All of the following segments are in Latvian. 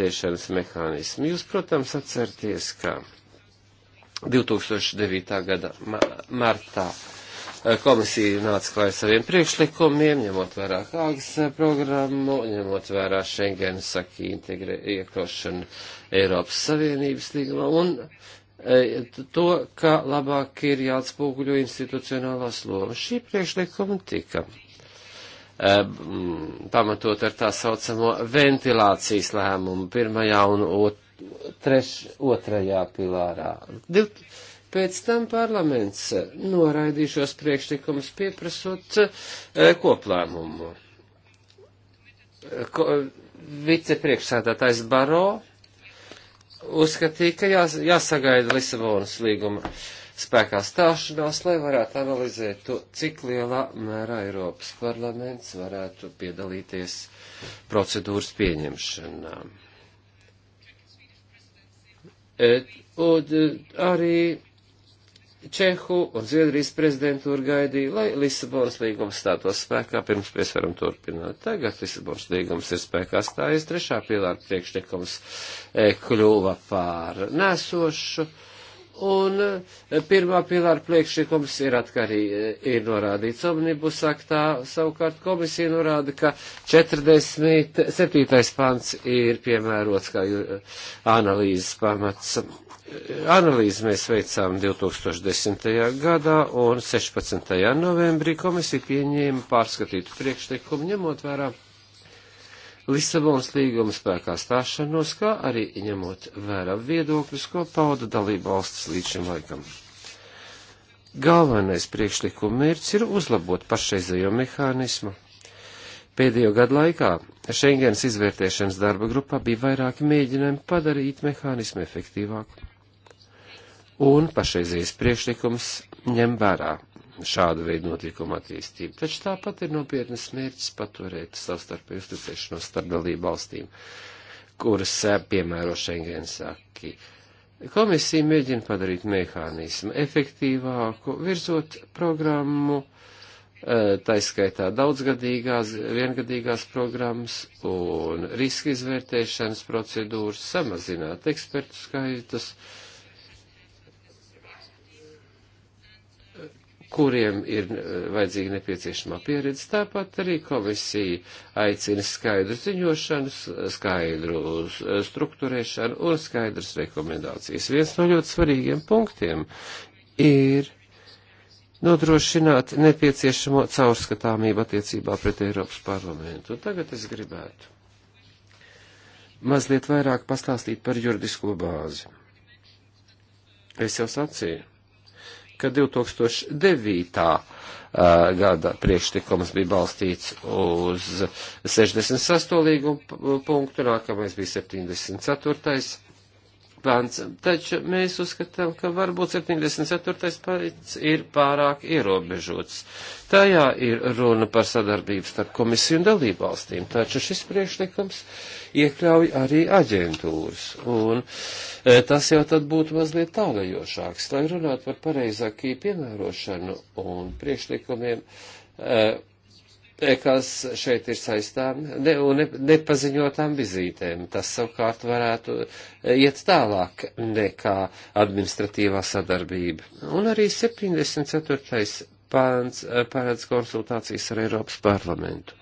tēšanas mehānismu. Jūs, protams, atcerieties, ka 2009. gada martā eh, komisija nāca klāja saviem priekšlikumiem, ņemot vērā Hāgas eh, programmu, ņemot vērā Schengenas saki integre, iekrošanu Eiropas Savienības līgumā un e, to, ka labāk ir jāatspūguļo institucionālās lomas. Šī priekšlikuma tika pamatot ar tā saucamo ventilācijas lēmumu pirmajā un ot, treš, otrajā pilārā. Div, pēc tam parlaments noraidīšos priekšlikumus pieprasot eh, koplēmumu. Ko, vicepriekšsēdētājs Baro uzskatīja, ka jās, jāsagaida Lisabonas līguma spēkā stāšanās, lai varētu analizēt to, cik lielā mērā Eiropas parlaments varētu piedalīties procedūras pieņemšanā. Et, un eh, arī Čehu un Zviedrijas prezidentūra gaidīja, lai Lisabonas līgums stātos spēkā, pirms mēs varam turpināt. Tagad Lisabonas līgums ir spēkā stājies, trešā pilāra priekšlikums e, kļuva pār nesošu. E, Un eh, pirmā pilāra priekšlikums ir atkarīgi, eh, ir norādīts omnibus aktā, savukārt komisija norāda, ka 47. pants ir piemērots kā eh, analīzes pamats. Analīzi mēs veicām 2010. gadā un 16. novembrī komisija pieņēma pārskatītu priekšlikumu ņemot vērā. Lisabonas līguma spēkā stāšanos, kā arī ņemot vērā viedokļus, ko pauda dalība valstis līdz šim laikam. Galvenais priekšlikuma mērķis ir uzlabot pašreizējo mehānismu. Pēdējo gadu laikā Schengens izvērtēšanas darba grupā bija vairāki mēģinājumi padarīt mehānismu efektīvāku. Un pašreizējais priekšlikums ņem vērā šādu veidu notikumu attīstību. Taču tāpat ir nopietnas mērķis paturēt savstarpēju uzticēšanos starp dalību valstīm, kuras eh, piemēro Schengens aki. Komisija mēģina padarīt mehānismu efektīvāku, virzot programmu, eh, taiskaitā daudzgadīgās, viengadīgās programmas un riska izvērtēšanas procedūras, samazināt ekspertu skaitus kuriem ir eh, vajadzīga nepieciešamā pieredze. Tāpat arī komisija aicina skaidru ziņošanu, skaidru eh, strukturēšanu un skaidras rekomendācijas. Viens no ļoti svarīgiem punktiem ir nodrošināt nepieciešamo caurskatāmību attiecībā pret Eiropas parlamentu. Un tagad es gribētu mazliet vairāk pastāstīt par juridisko bāzi. Es jau sacīju ka 2009. gada priekšlikums bija balstīts uz 68. līgumu punktu, nākamais bija 74 pants, taču mēs uzskatām, ka varbūt 74. pants ir pārāk ierobežots. Tajā ir runa par sadarbību starp komisiju un dalībvalstīm, taču šis priekšlikums iekļauj arī aģentūras, un e, tas jau tad būtu mazliet tālajošāks, lai runātu par pareizākī piemērošanu un priekšlikumiem. E, kas šeit ir saistām ne, un ne, nepaziņotām vizītēm. Tas savukārt varētu iet tālāk nekā administratīvā sadarbība. Un arī 74. pāns eh, paredz konsultācijas ar Eiropas parlamentu.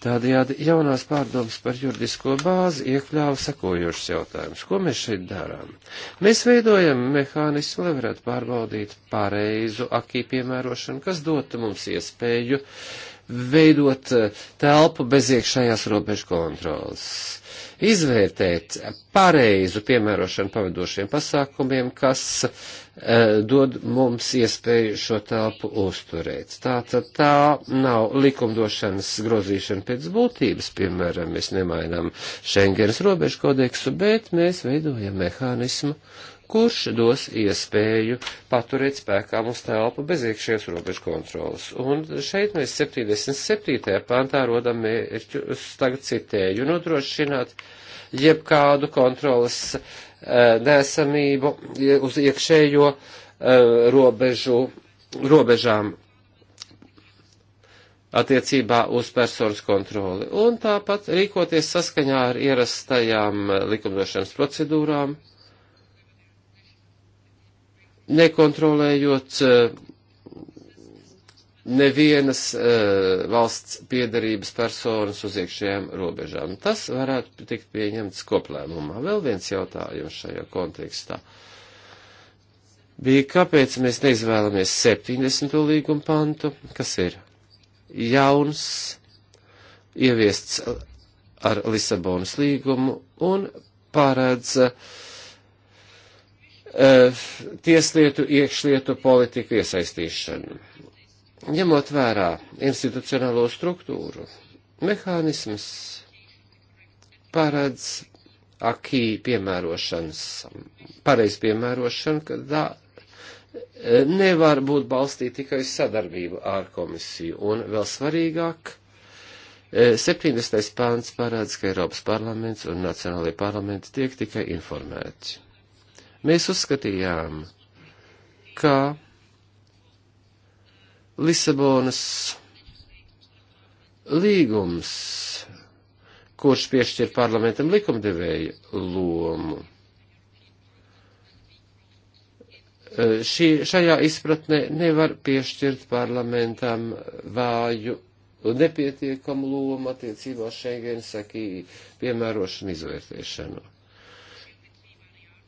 Tādējādi jaunās pārdomas par juridisko bāzi iekļāva sekojošus jautājumus. Ko mēs šeit darām? Mēs veidojam mehānismu, lai varētu pārbaudīt pareizu akī piemērošanu, kas dotu mums iespēju uh, veidot eh, telpu bez iekšējās robežu kontrolas. Izvērtēt pareizu piemērošanu pavadošiem pasākumiem, kas e, dod mums iespēju šo telpu uzturēt. Tā tad tā nav likumdošanas grozīšana pēc būtības, piemēram, mēs nemainām Schengens robežu kodeksu, bet mēs veidojam mehānismu, kurš dos iespēju paturēt spēkā mums telpu bez iekšējās robežu kontrolas. Un šeit mēs 77. pantā rodam mērķu, tagad citēju, nodrošināt jebkādu kontrolas uh, eh, nesamību uz iekšējo uh, robežu, robežām attiecībā uz personas kontroli. Un tāpat rīkoties saskaņā ar ierastajām eh, likumdošanas procedūrām nekontrolējot eh, nevienas eh, valsts piedarības personas uz iekšējām robežām. Tas varētu tikt pieņemts koplēmumā. Vēl viens jautājums šajā kontekstā bija, kāpēc mēs neizvēlamies 70. līguma pantu, kas ir jauns, ieviests ar Lisabonas līgumu un paredz uh, Eh, tieslietu, iekšlietu politiku iesaistīšanu. Ņemot vērā institucionālo struktūru, mehānisms paredz akī piemērošanas, pareiz piemērošanu, ka tā eh, nevar būt balstīta tikai uz sadarbību ar komisiju. Un vēl svarīgāk, 70. Eh, pāns parāds, ka Eiropas parlaments un nacionālajie parlamenti tiek tikai informēti. Mēs uzskatījām, ka Lisabonas līgums, kurš piešķir parlamentam likumdevēju lomu, šī, šajā izpratnē nevar piešķirt parlamentam vāju un nepietiekamu lomu attiecībā Schengen sakī piemērošanu izvērtēšanu.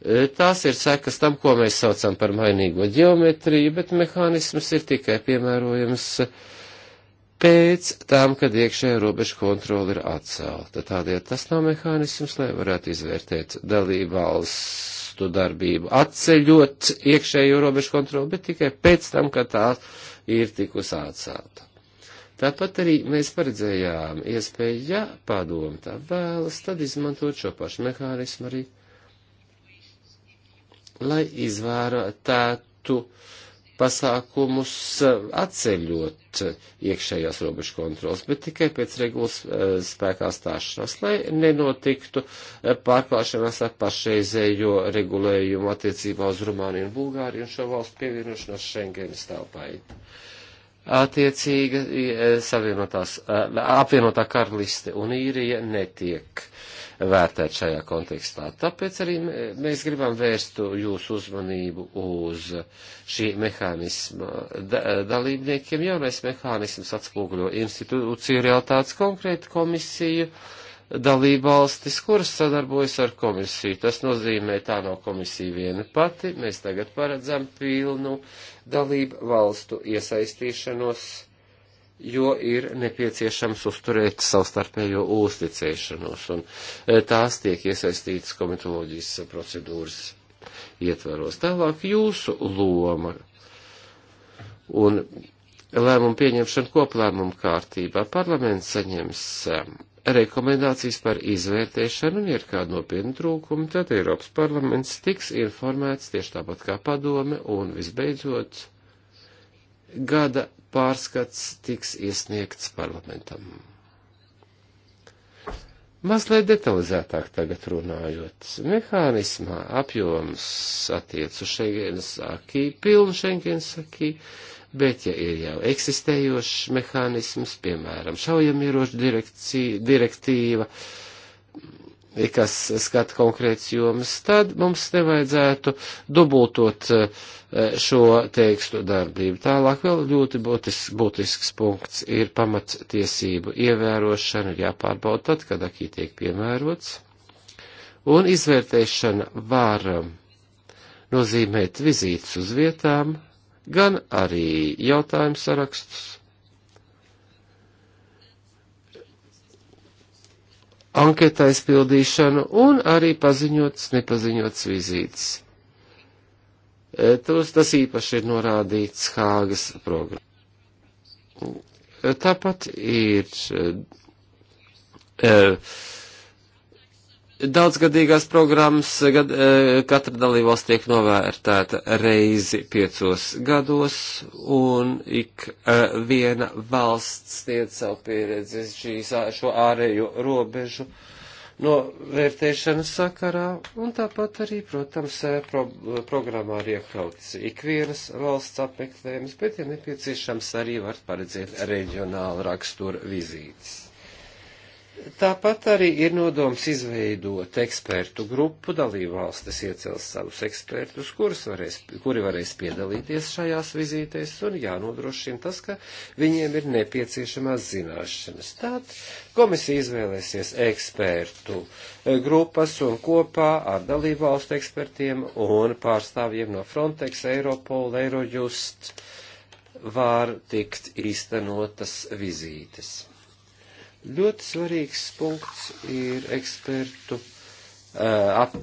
E, tās ir sekas tam, ko mēs saucam par mainīgo ģeometriju, bet mehānisms ir tikai piemērojams pēc tam, kad iekšējā robeža kontrola ir atcelta. Tādēļ tas nav mehānisms, lai varētu izvērtēt dalību valstu darbību, atceļot iekšējo robežu kontroli, bet tikai pēc tam, kad tā ir tikusi atcelta. Tāpat arī mēs paredzējām iespēju, ja padomu tā vēlas, tad izmantot šo pašu mehānismu arī lai izvērtētu pasākumus eh, atceļot iekšējās robežu kontrols, bet tikai pēc regulas eh, spēkā stāšanās, lai nenotiktu eh, pārklāšanās ar pašreizējo regulējumu attiecībā uz Rumāniju un Bulgāriju un šo valstu pievienošanos Schengenas telpai attiecīga savienotās, apvienotā karaliste un īrija netiek vērtēt šajā kontekstā. Tāpēc arī mēs gribam vērst jūsu uzmanību uz šī mehānisma da dalībniekiem. Jaunais mehānisms atspūgļo institūciju realitātes konkrētu komisiju dalībvalstis, kuras sadarbojas ar komisiju. Tas nozīmē, tā nav komisija viena pati. Mēs tagad paredzam pilnu dalību valstu iesaistīšanos jo ir nepieciešams uzturēt savstarpējo uzticēšanos, un e, tās tiek iesaistītas komitoloģijas procedūras ietvaros. Tālāk jūsu loma un lēmumu pieņemšana koplēmumu kārtībā. Parlaments saņems e, rekomendācijas par izvērtēšanu, un ja ir kāda nopietna trūkuma, tad Eiropas parlaments tiks informēts tieši tāpat kā padome, un visbeidzot gada pārskats tiks iesniegts parlamentam. Mazliet detalizētāk tagad runājot, mehānismā apjoms attiec uz Schengens akī, pilnu Schengens akī, bet ja ir jau eksistējošs mehānisms, piemēram, šaujamierošu direktīva, kas skata konkrēts jomas, tad mums nevajadzētu dubultot eh, šo tekstu darbību. Tālāk vēl ļoti būtisks, būtisks punkts ir pamattiesību ievērošana, ir jāpārbauda tad, kad akī tiek piemērots. Un izvērtēšana var nozīmēt vizītes uz vietām, gan arī jautājumu sarakstus anketā izpildīšanu un arī paziņots, nepaziņots vizītes. E, tos tas īpaši ir norādīts Hāgas programmā. E, tāpat ir. Uh, Daudzgadīgās programmas eh, gad, eh, katra dalībvalsts tiek novērtēta reizi piecos gados, un ik eh, viena valsts sniedz savu pieredzi šīs, šo ārējo robežu novērtēšanas sakarā, un tāpat arī, protams, pro, programmā ir iekļauts ikvienas valsts apmeklējums, bet, ja nepieciešams, arī var paredzēt reģionālu raksturu vizītes. Tāpat arī ir nodoms izveidot ekspertu grupu, dalībvalstis iecels savus ekspertus, varēs, kuri varēs piedalīties šajās vizītēs, un jānodrošina tas, ka viņiem ir nepieciešamās zināšanas. Tātad komisija izvēlēsies ekspertu eh, grupas un kopā ar dalībvalstu ekspertiem un pārstāvjiem no Frontex, Europol, Eurojust var tikt īstenotas vizītes Ļoti svarīgs punkts ir ekspertu uh, ap,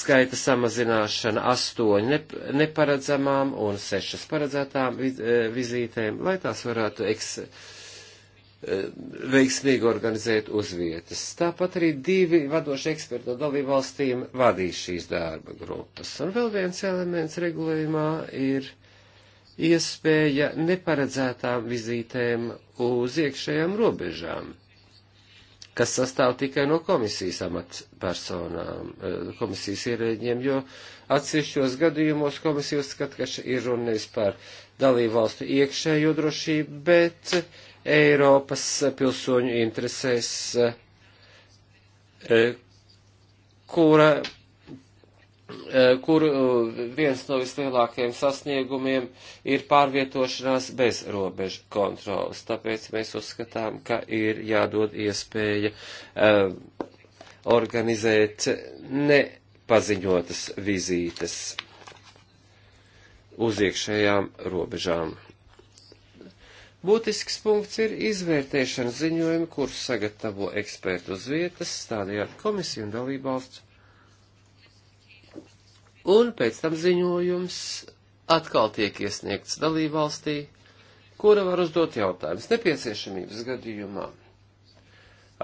skaita samazināšana astoņu nep neparedzamām un sešas paredzētām viz, uh, vizītēm, lai tās varētu eks, uh, veiksmīgi organizēt uz vietas. Tāpat arī divi vadoši eksperti no dalību valstīm vadīs šīs darba grupas. Un vēl viens elements regulējumā ir iespēja neparedzētām vizītēm uz iekšējām robežām kas sastāv tikai no komisijas amatpersonām, eh, komisijas ierēģiem, jo atsevišķos gadījumos komisija uzskata, ka ir runa nevis par dalību valstu iekšējo drošību, bet Eiropas pilsoņu interesēs, eh, kura Eh, kur eh, viens no vislielākajiem sasniegumiem ir pārvietošanās bez robežu kontrolas. Tāpēc mēs uzskatām, ka ir jādod iespēja um, organizēt nepaziņotas vizītes uz iekšējām robežām. Būtisks punkts ir izvērtēšanas ziņojumi, kurus sagatavo eksperti uz vietas, stādījāt komisiju un dalībvalsts un pēc tam ziņojums atkal tiek iesniegts dalībvalstī, kura var uzdot jautājumus nepieciešamības gadījumā.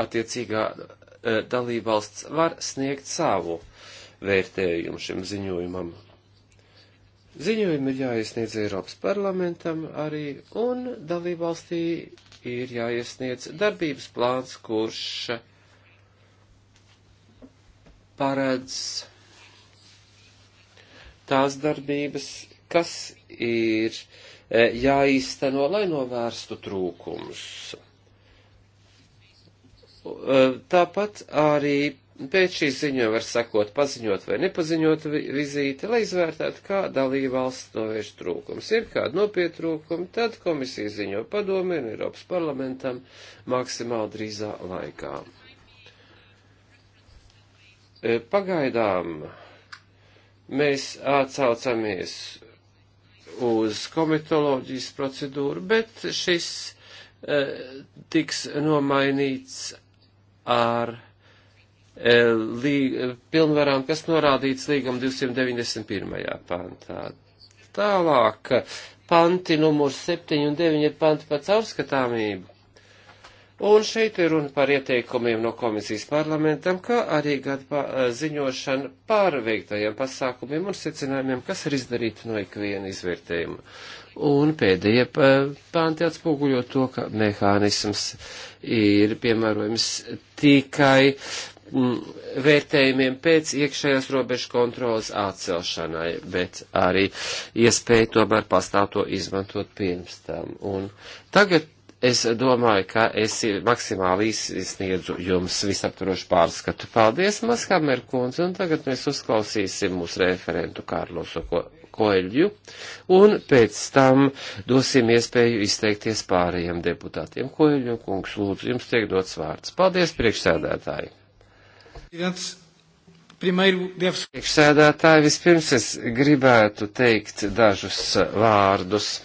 Attiecīgā e, dalībvalsts var sniegt savu vērtējumu šim ziņojumam. Ziņojumi ir jāiesniedz Eiropas parlamentam arī, un dalībvalstī ir jāiesniedz darbības plāns, kurš paredz tās darbības, kas ir e, jāīsteno, lai novērstu trūkumus. E, tāpat arī pēc šīs ziņojuma var sakot paziņot vai nepaziņot vizīti, lai izvērtētu, kā dalība valsts novērš trūkums. Ir kāda nopietrūkuma, tad komisija ziņo padomē un Eiropas parlamentam maksimāli drīzā laikā. E, pagaidām mēs atsaucamies uz komitoloģijas procedūru, bet šis e, tiks nomainīts ar e, lī, pilnvarām, kas norādīts līguma 291. pantā. Tālāk, panti numur 7 un 9 ir panti par caurskatāmību Un šeit ir runa par ieteikumiem no komisijas parlamentam, kā arī gada eh, ziņošana par veiktajiem pasākumiem un secinājumiem, kas ir izdarīti no ikviena izvērtējuma. Un pēdējie pānti atspoguļo to, ka mehānisms ir piemērojams tikai mm, vērtējumiem pēc iekšējās robežu kontrolas atcelšanai, bet arī iespēja tomēr pastāv to izmantot pirms tam. Un tagad Es domāju, ka es maksimāli izsniedzu jums visaptvarošu pārskatu. Paldies, Maskamer kundze, un tagad mēs uzklausīsim mūsu referentu Kārlosu ko, Koeļu, un pēc tam dosim iespēju izteikties pārējiem deputātiem. Koeļu kungs, lūdzu, jums tiek dots vārds. Paldies, priekšsēdētāji. Priekšsēdētāji, vispirms es gribētu teikt dažus vārdus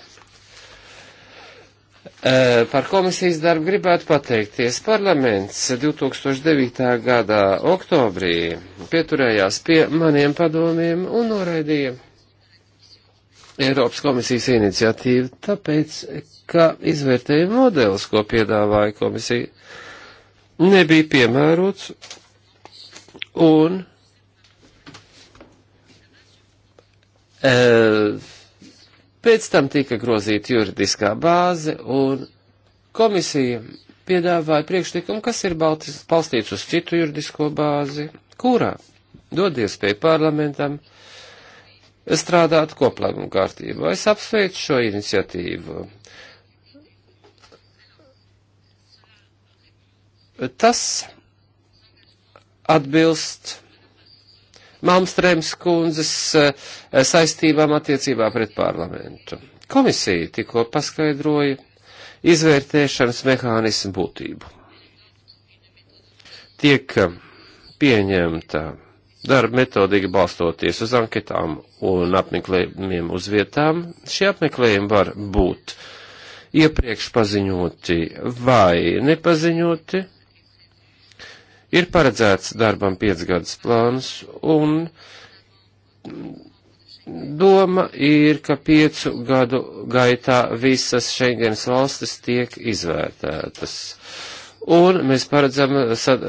Eh, par komisijas darbu gribētu pateikties. Parlaments 2009. gadā oktobrī pieturējās pie maniem padomiem un noraidīja Eiropas komisijas iniciatīvu, tāpēc, ka izvērtēja modelis, ko piedāvāja komisija, nebija piemērots un e, Pēc tam tika grozīta juridiskā bāze, un komisija piedāvāja priekšlikumu, kas ir baltis, balstīts uz citu juridisko bāzi, kurā dod iespēju parlamentam strādāt koplēmumu kārtībā. Es apsveicu šo iniciatīvu. Tas atbilst Malmstrēms kundzes eh, saistībām attiecībā pret parlamentu. Komisija tikko paskaidroja izvērtēšanas mehānismu būtību. Tiek eh, pieņemta darba metodika balstoties uz anketām un apmeklējumiem uz vietām. Šie apmeklējumi var būt iepriekš paziņoti vai nepaziņoti, Ir paredzēts darbam 5 gadus plāns, un doma ir, ka 5 gadu gaitā visas Schengens valstis tiek izvērtētas. Un mēs paredzam sad,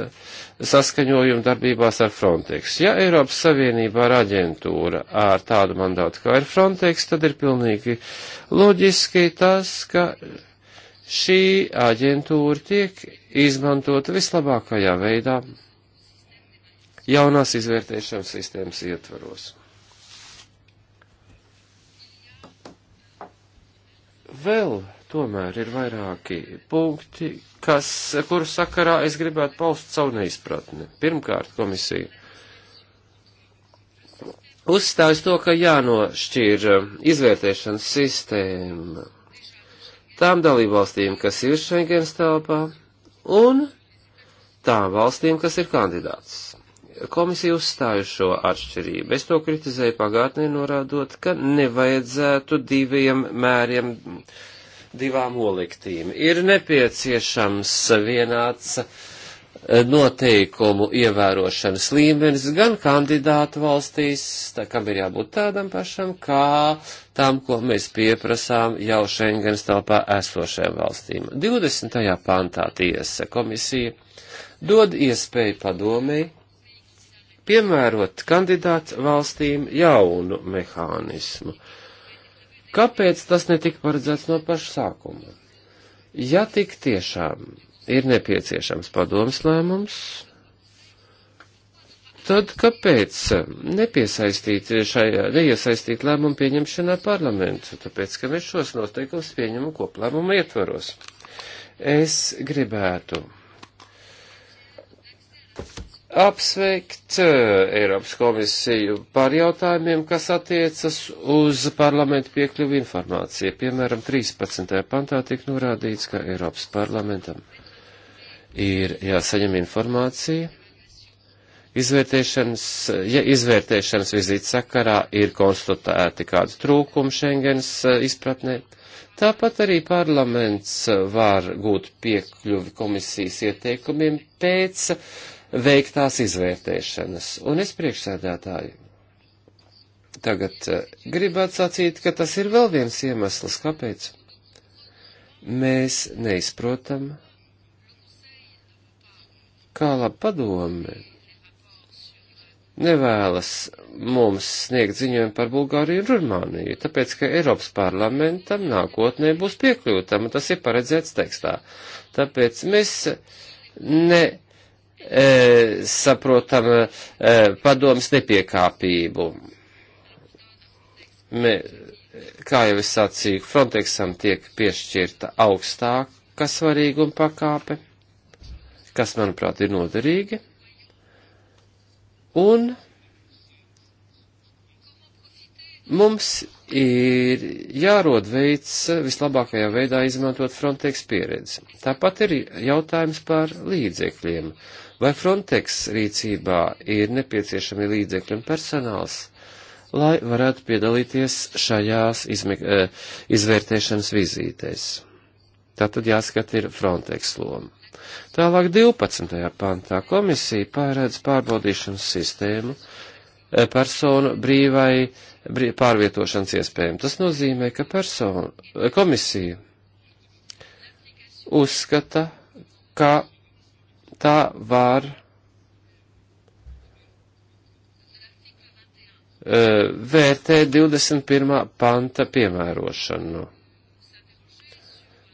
saskaņojumu darbībās ar Frontex. Ja Eiropas Savienībā ir aģentūra ar tādu mandātu kā ir Frontex, tad ir pilnīgi loģiski tas, ka šī aģentūra tiek izmantota vislabākajā veidā jaunās izvērtēšanas sistēmas ietvaros. Vēl tomēr ir vairāki punkti, kas, kuru sakarā es gribētu paust savu neizpratni. Pirmkārt, komisija uzstājas to, ka jānošķir um, izvērtēšanas sistēma tām dalībvalstīm, kas ir Schengens telpā, un tām valstīm, kas ir kandidāts. Komisija uzstāja šo atšķirību. Es to kritizēju pagātnē, norādot, ka nevajadzētu diviem mēriem, divām oliktīm. Ir nepieciešams vienāds uh, Eh, noteikumu ievērošanas līmenis gan kandidātu valstīs, tā kam ir jābūt tādam pašam, kā tam, ko mēs pieprasām jau Schengens telpā esošajām valstīm. 20. pantā tiesa komisija dod iespēju padomēji piemērot kandidātu valstīm jaunu mehānismu. Kāpēc tas netika paredzēts no paša sākuma? Ja tik tiešām ir nepieciešams padomas lēmums, tad kāpēc nepiesaistīt šajā, neiesaistīt lēmumu pieņemšanā parlamentu? Tāpēc, ka mēs šos noteikumus pieņemam koplēmumu ietvaros. Es gribētu apsveikt eh, Eiropas komisiju par jautājumiem, kas attiecas uz parlamentu piekļuvu informāciju. Piemēram, 13. pantā tika norādīts, ka Eiropas parlamentam ir jāsaņem informācija. Izvērtēšanas, ja izvērtēšanas vizītes sakarā ir konstatēti kādi trūkumi Schengens eh, izpratnē, tāpat arī parlaments eh, var gūt piekļuvi komisijas ieteikumiem pēc veiktās izvērtēšanas. Un es priekšsēdētāju tagad eh, gribētu sacīt, ka tas ir vēl viens iemesls, kāpēc mēs neizprotam kā laba padome nevēlas mums sniegt ziņojumu par Bulgāriju un Rumāniju, tāpēc, ka Eiropas parlamentam nākotnē būs piekļūtama, tas ir paredzēts tekstā. Tāpēc mēs ne e, saprotam e, padomas nepiekāpību. Me, kā jau es sacīju, Frontexam tiek piešķirta augstāka svarīguma pakāpe kas, manuprāt, ir noderīgi. Un mums ir jārod veids vislabākajā veidā izmantot Frontex pieredzi. Tāpat ir jautājums par līdzekļiem. Vai Frontex rīcībā ir nepieciešami līdzekļi un personāls, lai varētu piedalīties šajās izme, eh, izvērtēšanas vizītēs? Tātad jāskat ir Frontex loma. Tālāk 12. pantā komisija pārēdz pārbaudīšanas sistēmu e, personu brīvai brī, pārvietošanas iespējām. Tas nozīmē, ka personu, e, komisija uzskata, ka tā var e, vērtē 21. panta piemērošanu.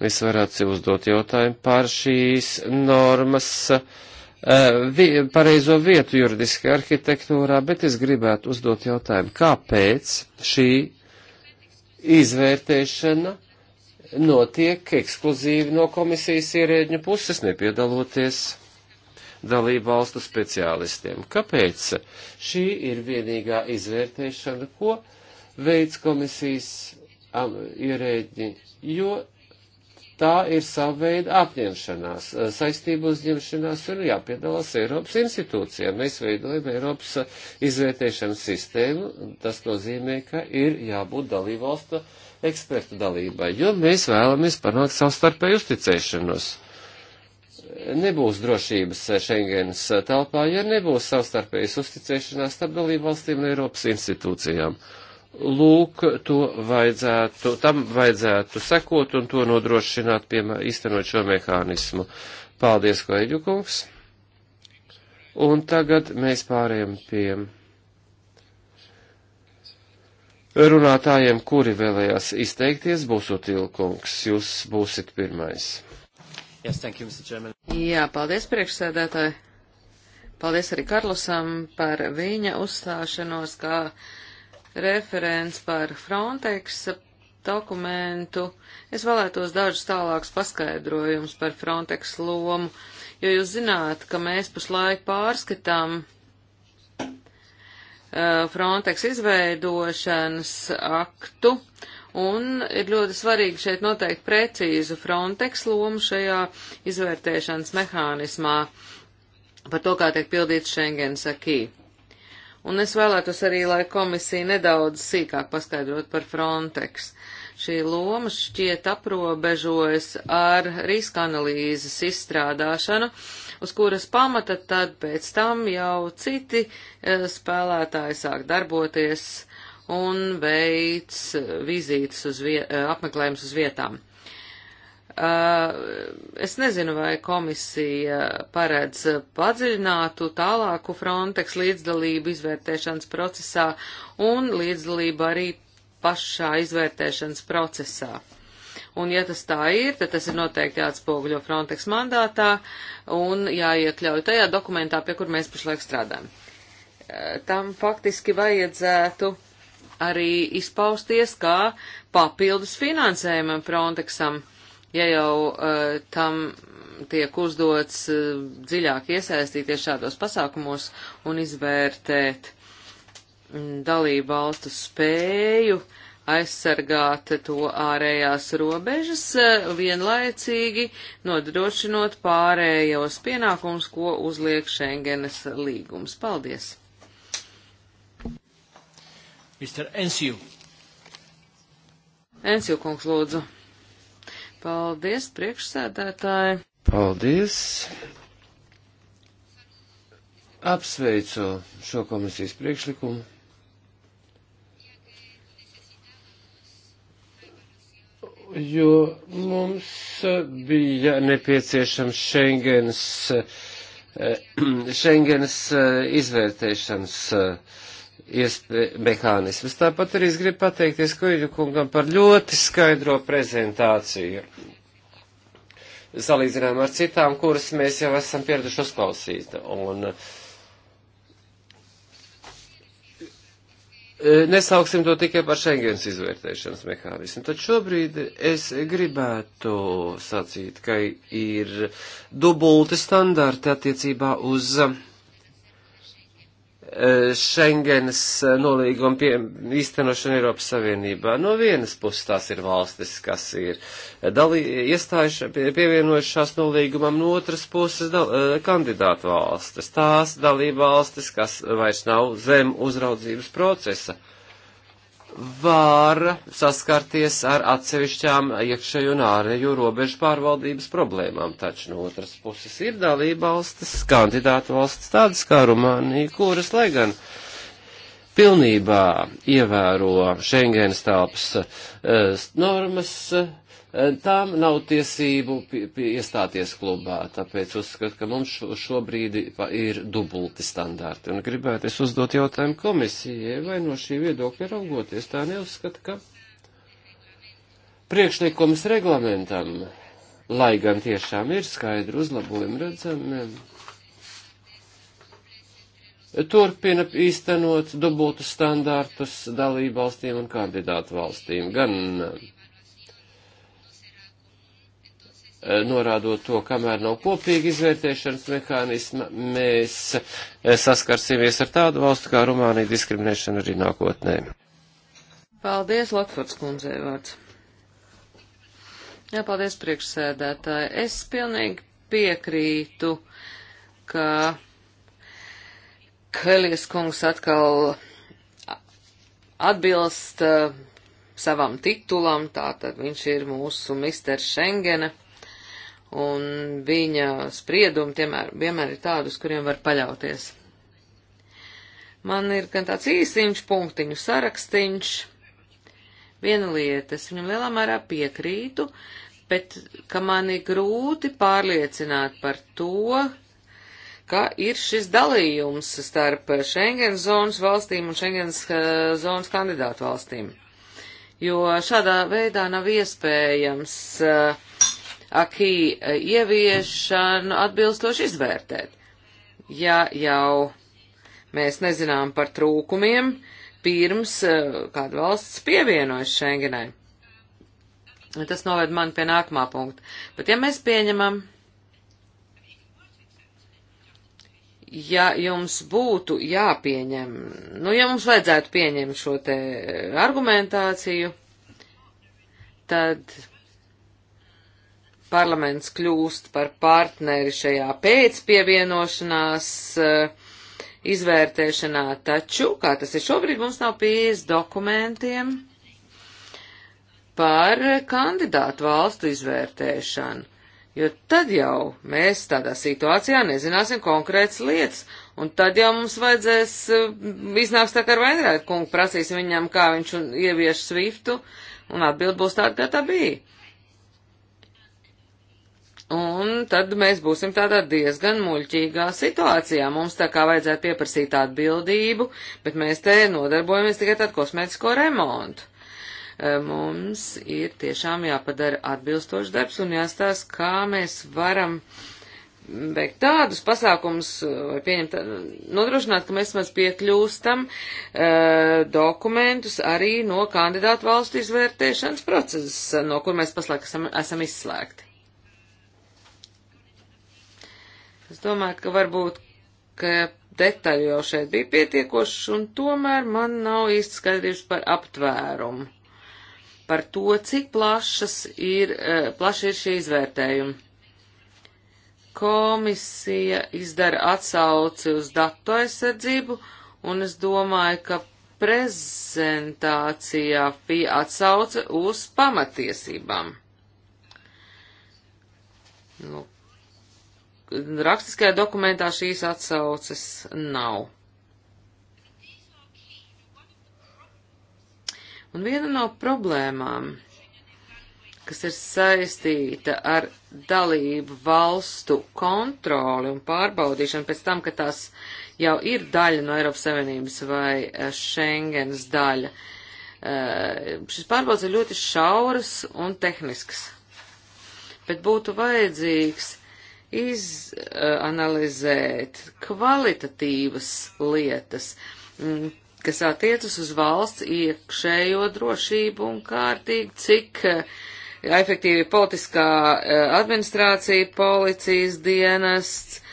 Es varētu sev uzdot jautājumu par šīs normas eh, vi, pareizo vietu juridiskajā arhitektūrā, bet es gribētu uzdot jautājumu, kāpēc šī izvērtēšana notiek ekskluzīvi no komisijas ierēģņu puses, nepiedaloties dalību valstu speciālistiem. Kāpēc šī ir vienīgā izvērtēšana, ko veids komisijas ierēģi, jo tā ir sava veida apņemšanās, eh, saistību uzņemšanās un jāpiedalās Eiropas institūcijām. Mēs veidojam Eiropas eh, izvērtēšanas sistēmu, tas nozīmē, ka ir jābūt dalībvalsta ekspertu dalībai, jo mēs vēlamies panākt savstarpēju uzticēšanos. Nebūs drošības eh, Schengens telpā, ja nebūs savstarpējas uzticēšanās starp dalībvalstīm un Eiropas institūcijām. Uh, Lūk, to vajadzētu, tam vajadzētu sekot un to nodrošināt, piemēram, iztenot šo mehānismu. Paldies, Koeģu kungs. Un tagad mēs pārējām pie runātājiem, kuri vēlējās izteikties, būs utilkungs. Jūs būsit pirmais. Yes, thank you, Mr. Chairman. Jā, paldies, priekšsēdētāji. Paldies arī Karlusam par viņa uzstāšanos, kā. Ka referents par Frontex dokumentu. Es vēlētos dažus tālākus paskaidrojumus par Frontex lomu, jo jūs zināt, ka mēs pašlaik pārskatām uh, Frontex izveidošanas aktu, un ir ļoti svarīgi šeit noteikt precīzu Frontex lomu šajā izvērtēšanas mehānismā par to, kā tiek pildīts Schengens akī. Un es vēlētos arī, lai komisija nedaudz sīkāk paskaidrot par Frontex. Šī loma šķiet aprobežojas ar riska analīzes izstrādāšanu, uz kuras pamata tad pēc tam jau citi eh, spēlētāji sāk darboties un veids eh, vizītes uz viet, eh, apmeklējums uz vietām. Uh, es nezinu, vai komisija paredz padziļinātu tālāku Frontex līdzdalību izvērtēšanas procesā un līdzdalību arī pašā izvērtēšanas procesā. Un, ja tas tā ir, tad tas ir noteikti jāatspoguļo Frontex mandātā un jāiekļauj tajā dokumentā, pie kur mēs pašlaik strādājam. Uh, tam faktiski vajadzētu arī izpausties kā papildus finansējumam Frontexam ja jau uh, tam tiek uzdots uh, dziļāk iesaistīties šādos pasākumos un izvērtēt mm, dalību valstu spēju aizsargāt to ārējās robežas, uh, vienlaicīgi nodrošinot pārējos pienākums, ko uzliek Schengenes līgums. Paldies! Mr. Ensiju. Ensiju kungs, lūdzu. Paldies, priekšsēdētāji. Paldies. Apsveicu šo komisijas priekšlikumu. jo mums bija nepieciešams Schengens, eh, Schengens eh, izvērtēšanas eh, mehānismus. Tāpat arī es gribu pateikties Kuļu kungam par ļoti skaidro prezentāciju. Salīdzinām ar citām, kuras mēs jau esam pieraduši uzklausīt. Un, e, Nesauksim to tikai par Schengens izvērtēšanas mehānismu, tad šobrīd es gribētu sacīt, ka ir dubulti standarti attiecībā uz uh, Eh, Schengenas eh, nolīguma pie, īstenošana Eiropas Savienībā. No vienas puses tās ir valstis, kas ir eh, dalī, iestājuši, pie, pievienojušās nolīgumam, no otras puses dal, kandidātu valstis. Tās dalība valstis, kas vairs nav zem uzraudzības procesa. Uh, var saskarties ar atsevišķām iekšēju un ārēju robežu pārvaldības problēmām, taču no otras puses ir dalība valstis, kandidātu valstis tādas kā Rumānija, kuras, lai gan pilnībā ievēro Schengens telpas eh, normas, tām nav tiesību pie, pie iestāties klubā, tāpēc uzskatu, ka mums šo, šobrīd ir dubulti standarti. Un gribētu es uzdot jautājumu komisijai, vai no šī viedokļa raugoties, tā neuzskata, ka priekšlikums reglamentam, lai gan tiešām ir skaidri uzlabojumi redzamiem, turpina īstenot dubultus standārtus dalību valstīm un kandidātu valstīm. Gan norādot to, kamēr nav kopīgi izvērtēšanas mehānisma, mēs eh, saskarsimies ar tādu valstu kā Rumānija diskriminēšana arī nākotnē. Paldies, Lakfords kundzei vārds. Jā, paldies priekšsēdētāji. Es pilnīgi piekrītu, ka Kelies kungs atkal atbilst uh, savam titulam, tātad viņš ir mūsu Mister Schengena un viņa spriedumi tiemēr, vienmēr ir tādi, uz kuriem var paļauties. Man ir gan tāds īsiņš punktiņu sarakstiņš. Viena lieta, es viņam lielā mērā piekrītu, bet ka man ir grūti pārliecināt par to, ka ir šis dalījums starp Schengen zonas valstīm un Schengen zonas kandidātu valstīm. Jo šādā veidā nav iespējams uh, akī eh, ieviešanu atbilstoši izvērtēt. Ja jau mēs nezinām par trūkumiem, pirms eh, kāda valsts pievienojas Schengenai. Tas noved man pie nākamā punkta. Bet ja mēs pieņemam, ja jums būtu jāpieņem, nu ja mums vajadzētu pieņemt šo te argumentāciju, tad parlaments kļūst par partneri šajā pēcpievienošanās eh, izvērtēšanā, taču, kā tas ir šobrīd, mums nav pieejas dokumentiem par kandidātu valstu izvērtēšanu, jo tad jau mēs tādā situācijā nezināsim konkrētas lietas, un tad jau mums vajadzēs, eh, iznāks tā kā ar Vainrētu kungu, prasīsim viņam, kā viņš ievieš sviftu, un atbild būs tāda, kā tā bija. Un tad mēs būsim tādā diezgan muļķīgā situācijā. Mums tā kā vajadzētu pieprasīt atbildību, bet mēs te nodarbojamies tikai ar kosmētisko remontu. E, mums ir tiešām jāpadara atbilstošs darbs un jāstāsta, kā mēs varam veikt tādus pasākumus e, vai pieņemt, nodrošināt, ka mēs maz piekļūstam e, dokumentus arī no kandidātu valstu izvērtēšanas procesa, no kur mēs paslēg esam, esam izslēgti. Es domāju, ka varbūt, ka detaļu jau šeit bija pietiekošas, un tomēr man nav īsti skaidrības par aptvērumu, par to, cik plašas ir, eh, plaši ir šī izvērtējuma. Komisija izdara atsauci uz datu aizsardzību, un es domāju, ka prezentācijā bija atsauce uz pamatiesībām. Lūk, nu, rakstiskajā dokumentā šīs atsauces nav. Un viena no problēmām, kas ir saistīta ar dalību valstu kontroli un pārbaudīšanu pēc tam, ka tās jau ir daļa no Eiropas Savienības vai eh, Schengens daļa, eh, šis pārbauds ir ļoti šauras un tehnisks. Bet būtu vajadzīgs izanalizēt kvalitatīvas lietas, mm, kas attiecas uz valsts iekšējo drošību un kārtīgi, cik eh, efektīvi politiskā eh, administrācija, policijas dienests, eh,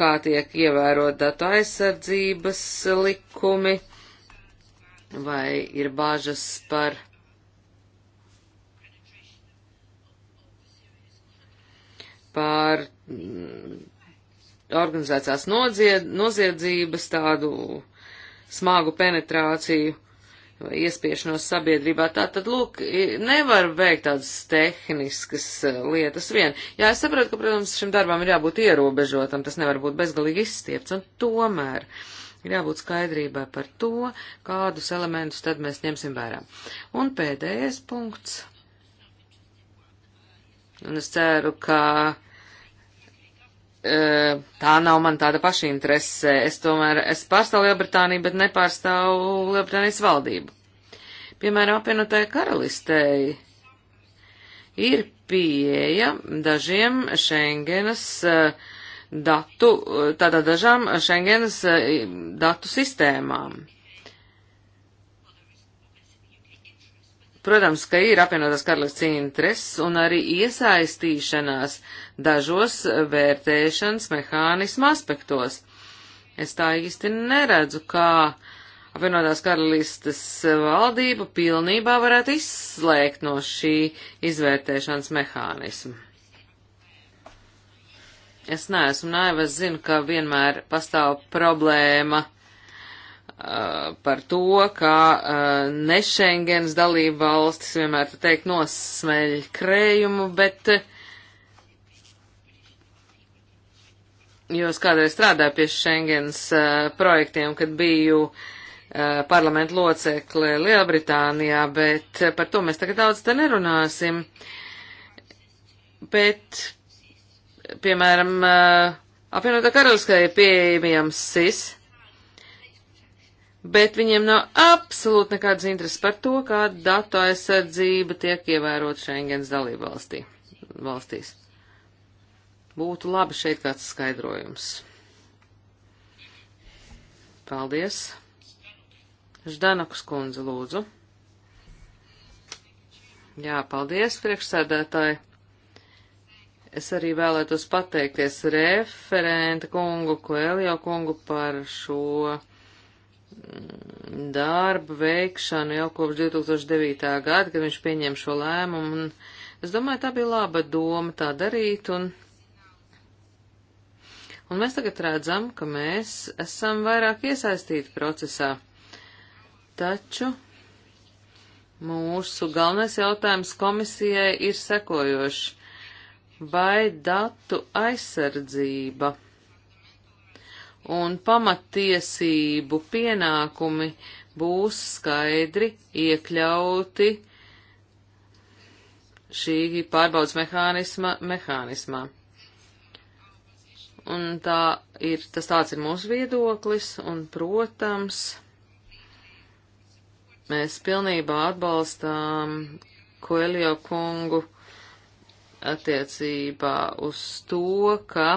kā tiek ievērot datu aizsardzības likumi, vai ir bāžas par par mm, organizētās nodzied, noziedzības tādu smagu penetrāciju vai iespiešanos sabiedrībā. Tā tad, lūk, nevar veikt tādas tehniskas e, lietas vien. Jā, es saprotu, ka, protams, šim darbam ir jābūt ierobežotam, tas nevar būt bezgalīgi izstiepts, un tomēr ir jābūt skaidrībai par to, kādus elementus tad mēs ņemsim vērā. Un pēdējais punkts Un es ceru, ka e, tā nav man tāda paša interese. Es tomēr, es pārstāvu Lielbritāniju, bet nepārstāvu Lielbritānijas valdību. Piemēram, apvienotāja karalistei ir pieeja dažiem Schengenas e, datu, e, tātad dažām Schengenas datu sistēmām. Protams, ka ir apvienotās karalists intereses un arī iesaistīšanās dažos vērtēšanas mehānismu aspektos. Es tā īsti neredzu, kā apvienotās karalistes valdība pilnībā varētu izslēgt no šī izvērtēšanas mehānismu. Es neesmu naiva, es zinu, ka vienmēr pastāv problēma Uh, par to, ka uh, nešengens dalība valstis vienmēr teikt nosmeļ krējumu, bet uh, jūs kādreiz strādāju pie šengens projektiem, kad biju parlamentu locekli Lielbritānijā, bet par to mēs tagad daudz te nerunāsim. Bet, piemēram, apvienotā karaliskajai pieejams SIS bet viņiem nav absolūti nekādas intereses par to, kā datu aizsardzība tiek ievērot Schengens dalību valstī, valstīs. Būtu labi šeit kāds skaidrojums. Paldies. Ždanakas kundze, lūdzu. Jā, paldies, priekšsēdētāji. Es arī vēlētos pateikties referenta kungu, Koelio kungu par šo darba veikšanu jau kopš 2009. gada, kad viņš pieņēma šo lēmumu, un es domāju, tā bija laba doma tā darīt, un, un mēs tagad redzam, ka mēs esam vairāk iesaistīti procesā. Taču mūsu galvenais jautājums komisijai ir sekojošs. Vai datu aizsardzība? un pamattiesību pienākumi būs skaidri iekļauti šī pārbaudas mehānisma mehānismā. Un tā ir, tas tāds ir mūsu viedoklis, un, protams, mēs pilnībā atbalstām Koelio kungu attiecībā uz to, ka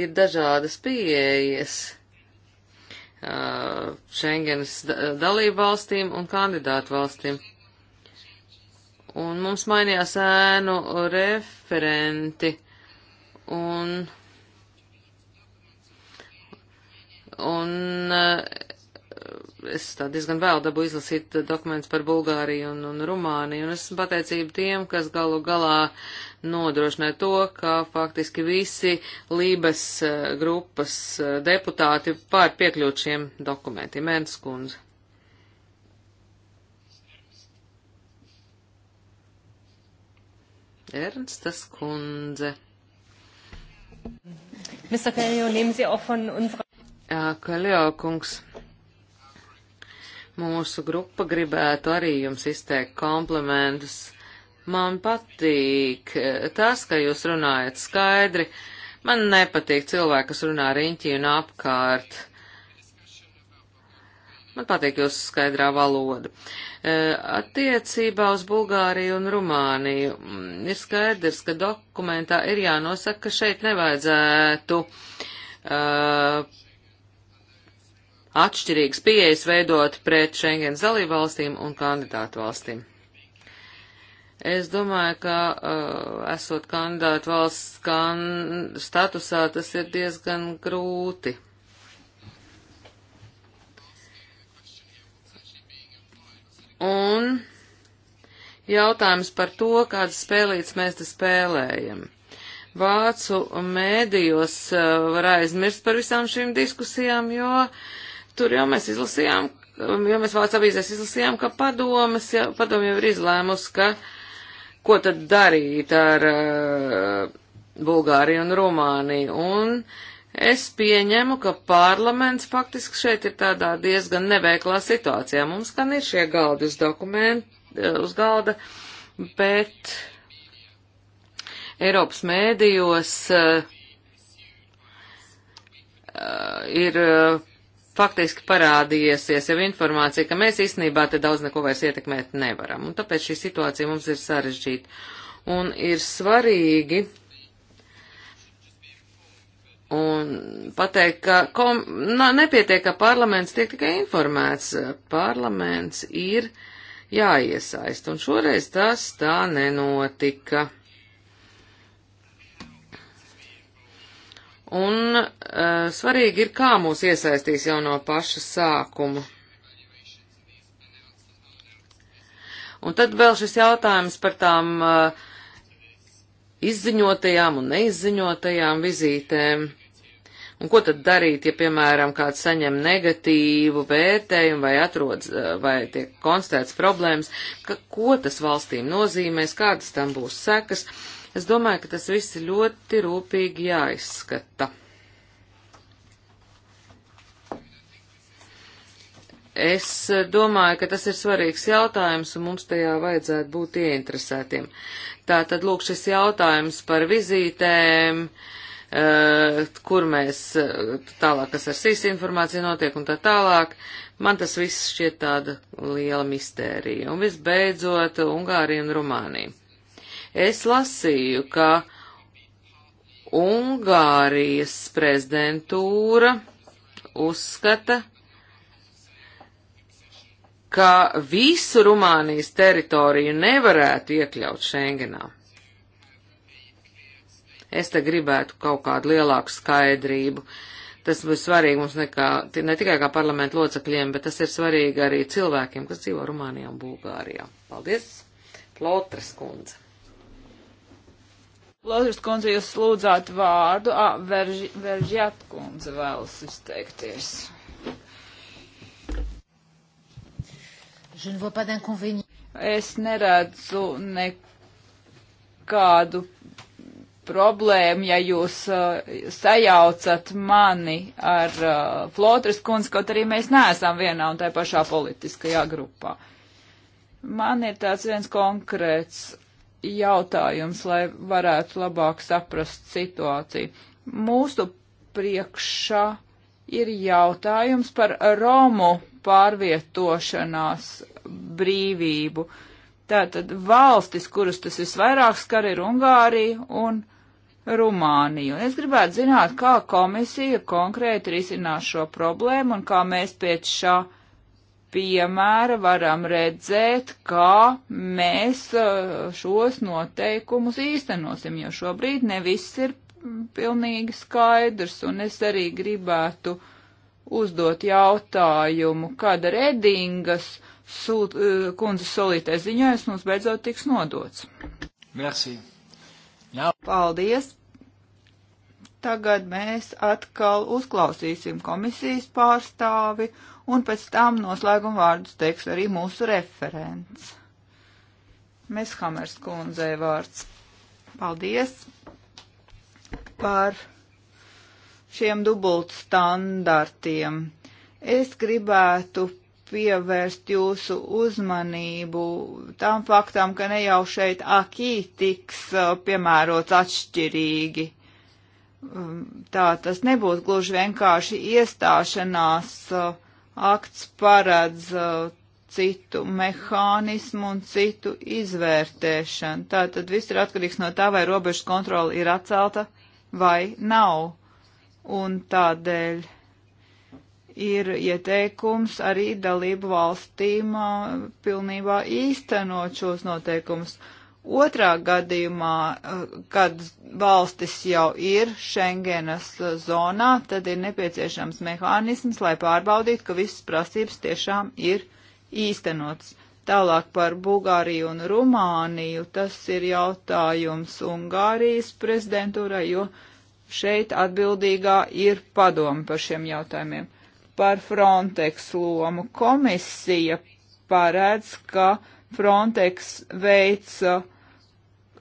ir dažādas pieejas Schengenas dalību valstīm un kandidātu valstīm. Un mums mainījās ēnu referenti un, un es tā diezgan vēl dabu izlasīt dokumentus par Bulgāriju un, un Rumāniju, un es esmu pateicība tiem, kas galu galā nodrošināja to, ka faktiski visi Lībes eh, grupas eh, deputāti pār piekļūt šiem dokumentiem. Mēnes kundze. Ernstas kundze. Mr. Kaljo, nehmen Sie auch von unserer. Jā, ah, Kaljo kungs, Mūsu grupa gribētu arī jums izteikt komplementus. Man patīk eh, tas, ka jūs runājat skaidri. Man nepatīk cilvēki, kas runā riņķī un apkārt. Man patīk jūsu skaidrā valoda. Eh, attiecībā uz Bulgāriju un Rumāniju mm, ir skaidrs, ka dokumentā ir jānosaka, ka šeit nevajadzētu uh, atšķirīgas pieejas veidot pret Schengens dalību valstīm un kandidātu valstīm. Es domāju, ka uh, esot kandidātu valsts kan statusā, tas ir diezgan grūti. Un jautājums par to, kādas spēlītas mēs te spēlējam. Vācu mēdījos uh, var aizmirst par visām šīm diskusijām, jo uh, Tur jau mēs izlasījām, jo mēs Vācu avīzēs izlasījām, ka padomas, ja, padomi jau ir izlēmusi, ka ko tad darīt ar uh, Bulgāriju un Rumāniju. Un es pieņemu, ka parlaments faktiski šeit ir tādā diezgan neveiklā situācijā. Mums gan ir šie galdi uz dokumentu, eh, uz galda, bet Eiropas mēdījos uh, ir. Uh, faktiski parādījies jau informācija, ka mēs īstenībā te daudz neko vairs ietekmēt nevaram, un tāpēc šī situācija mums ir sarežģīta. Un ir svarīgi un pateikt, ka kom, na, nepietiek, ka parlaments tiek tikai informēts. Parlaments ir jāiesaist, un šoreiz tas tā nenotika. Un Eh, svarīgi ir, kā mūs iesaistīs jau no paša sākuma. Un tad vēl šis jautājums par tām eh, izziņotajām un neizziņotajām vizītēm. Un ko tad darīt, ja, piemēram, kāds saņem negatīvu vērtējumu vai atrodas, eh, vai tiek konstatēts problēmas, ka, ko tas valstīm nozīmēs, kādas tam būs sekas? Es domāju, ka tas viss ļoti rūpīgi jāizskata. Es eh, domāju, ka tas ir svarīgs jautājums, un mums tajā vajadzētu būt ieinteresētiem. Tā tad lūk šis jautājums par vizītēm, eh, kur mēs eh, tālāk, kas ar sīs informāciju notiek un tā tālāk. Man tas viss šķiet tāda liela mistērija. Un visbeidzot, Ungārija un Rumānija. Es lasīju, ka Ungārijas prezidentūra uzskata, ka visu Rumānijas teritoriju nevarētu iekļaut Schengenā. Es te gribētu kaut kādu lielāku skaidrību. Tas būs svarīgi mums nekā, ne tikai kā parlamentu locekļiem, bet tas ir svarīgi arī cilvēkiem, kas dzīvo Rumānijā un Bulgārijā. Paldies! Plotras kundze. Lozis kundze, jūs lūdzāt vārdu, ā, verži, Veržjat kundze vēlas izteikties. Es neredzu nekādu problēmu, ja jūs uh, sajaucat mani ar uh, Flotras kundzi, kaut arī mēs neesam vienā un tajā pašā politiskajā grupā. Man ir tāds viens konkrēts jautājums, lai varētu labāk saprast situāciju. Mūsu priekšā ir jautājums par Romu pārvietošanās brīvību. Tātad valstis, kuras tas visvairāk skar, ir Ungārija un Rumānija. Un es gribētu zināt, kā komisija konkrēti risinās šo problēmu un kā mēs pēc šā piemēra varam redzēt, kā mēs uh, šos noteikumus īstenosim, jo šobrīd ne viss ir pilnīgi skaidrs, un es arī gribētu uh, uzdot jautājumu, kad Redingas sult, eh, kundzes solītais ziņojums mums beidzot tiks nodots. Merci. Jā. Paldies. Tagad mēs atkal uzklausīsim komisijas pārstāvi un pēc tam noslēguma vārdus teiks arī mūsu referents. Mēs Hamers kundzei vārds. Paldies par šiem dubultstandartiem. Es gribētu pievērst jūsu uzmanību tām faktām, ka ne jau šeit akī tiks uh, piemērots atšķirīgi. Um, tā tas nebūs gluži vienkārši iestāšanās uh, akts paredz uh, citu mehānismu un citu izvērtēšanu. Tā tad viss ir atkarīgs no tā, vai robežas kontrola ir atcelta vai nav un tādēļ ir ieteikums arī dalību valstīm pilnībā īstenot šos noteikumus. Otrā gadījumā, kad valstis jau ir Schengenas zonā, tad ir nepieciešams mehānisms, lai pārbaudītu, ka visas prasības tiešām ir īstenotas. Tālāk par Bulgāriju un Rumāniju tas ir jautājums Ungārijas prezidentūrai, jo uh, šeit atbildīgā ir padoma par šiem jautājumiem. Par Frontex lomu komisija paredz, ka Frontex veica uh,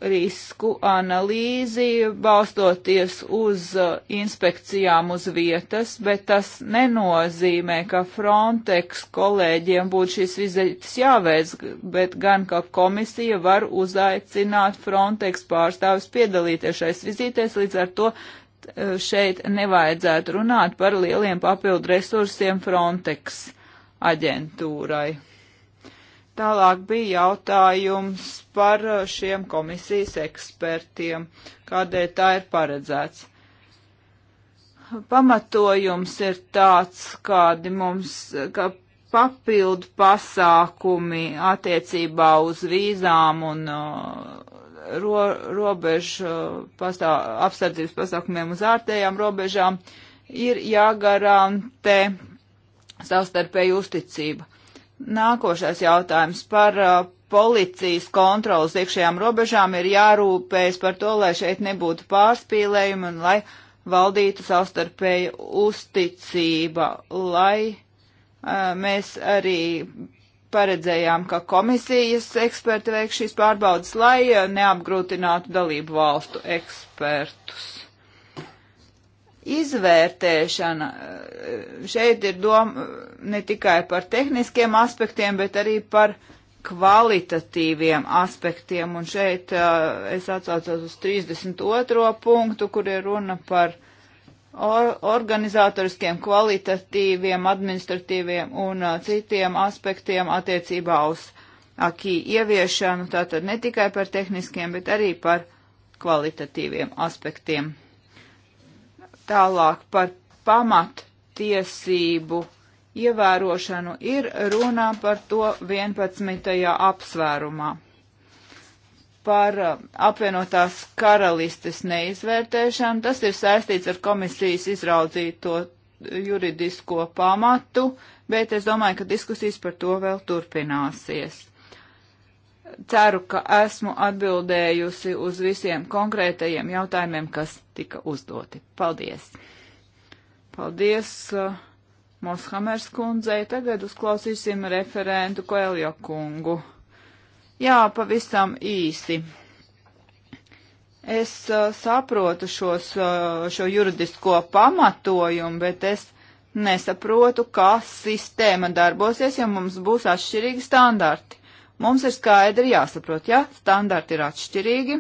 risku analīzi, balstoties uz uh, inspekcijām uz vietas, bet tas nenozīmē, ka Frontex kolēģiem būtu šīs vizītes jāveic, bet gan, ka komisija var uzaicināt Frontex pārstāvis piedalīties šais vizītēs, līdz ar to uh, šeit nevajadzētu runāt par lieliem papildu resursiem Frontex aģentūrai. Tālāk bija jautājums par uh, šiem komisijas ekspertiem, kādēļ tā ir paredzēts. Pamatojums ir tāds, kādi mums, ka papildu pasākumi attiecībā uz vīzām un uh, ro, robežu pasā, apsardzības pasākumiem uz ārtējām robežām ir jāgarantē savstarpēju uzticību Nākošais jautājums par uh, policijas kontrolas iekšējām robežām ir jārūpējas par to, lai šeit nebūtu pārspīlējumi un lai valdītu savstarpēja uzticība, lai uh, mēs arī paredzējām, ka komisijas eksperti veik šīs pārbaudas, lai uh, neapgrūtinātu dalību valstu ekspertus izvērtēšana šeit ir doma ne tikai par tehniskiem aspektiem, bet arī par kvalitatīviem aspektiem. Un šeit uh, es atsaucos uz 32. punktu, kur ir runa par or organizatoriskiem, kvalitatīviem, administratīviem un uh, citiem aspektiem attiecībā uz akī ieviešanu, tātad ne tikai par tehniskiem, bet arī par kvalitatīviem aspektiem. Tālāk par pamattiesību ievērošanu ir runā par to 11. apsvērumā. Par uh, apvienotās karalistes neizvērtēšanu tas ir saistīts ar komisijas izraudzīto juridisko pamatu, bet es domāju, ka diskusijas par to vēl turpināsies. Ceru, ka esmu atbildējusi uz visiem konkrētajiem jautājumiem, kas tika uzdoti. Paldies! Paldies uh, Moshamers kundzei. Tagad uzklausīsim referentu Koeljo kungu. Jā, pavisam īsi. Es uh, saprotu šos, uh, šo juridisko pamatojumu, bet es nesaprotu, kā sistēma darbosies, ja mums būs atšķirīgi standarti. Mums ir skaidri jāsaprot, ja standarti ir atšķirīgi,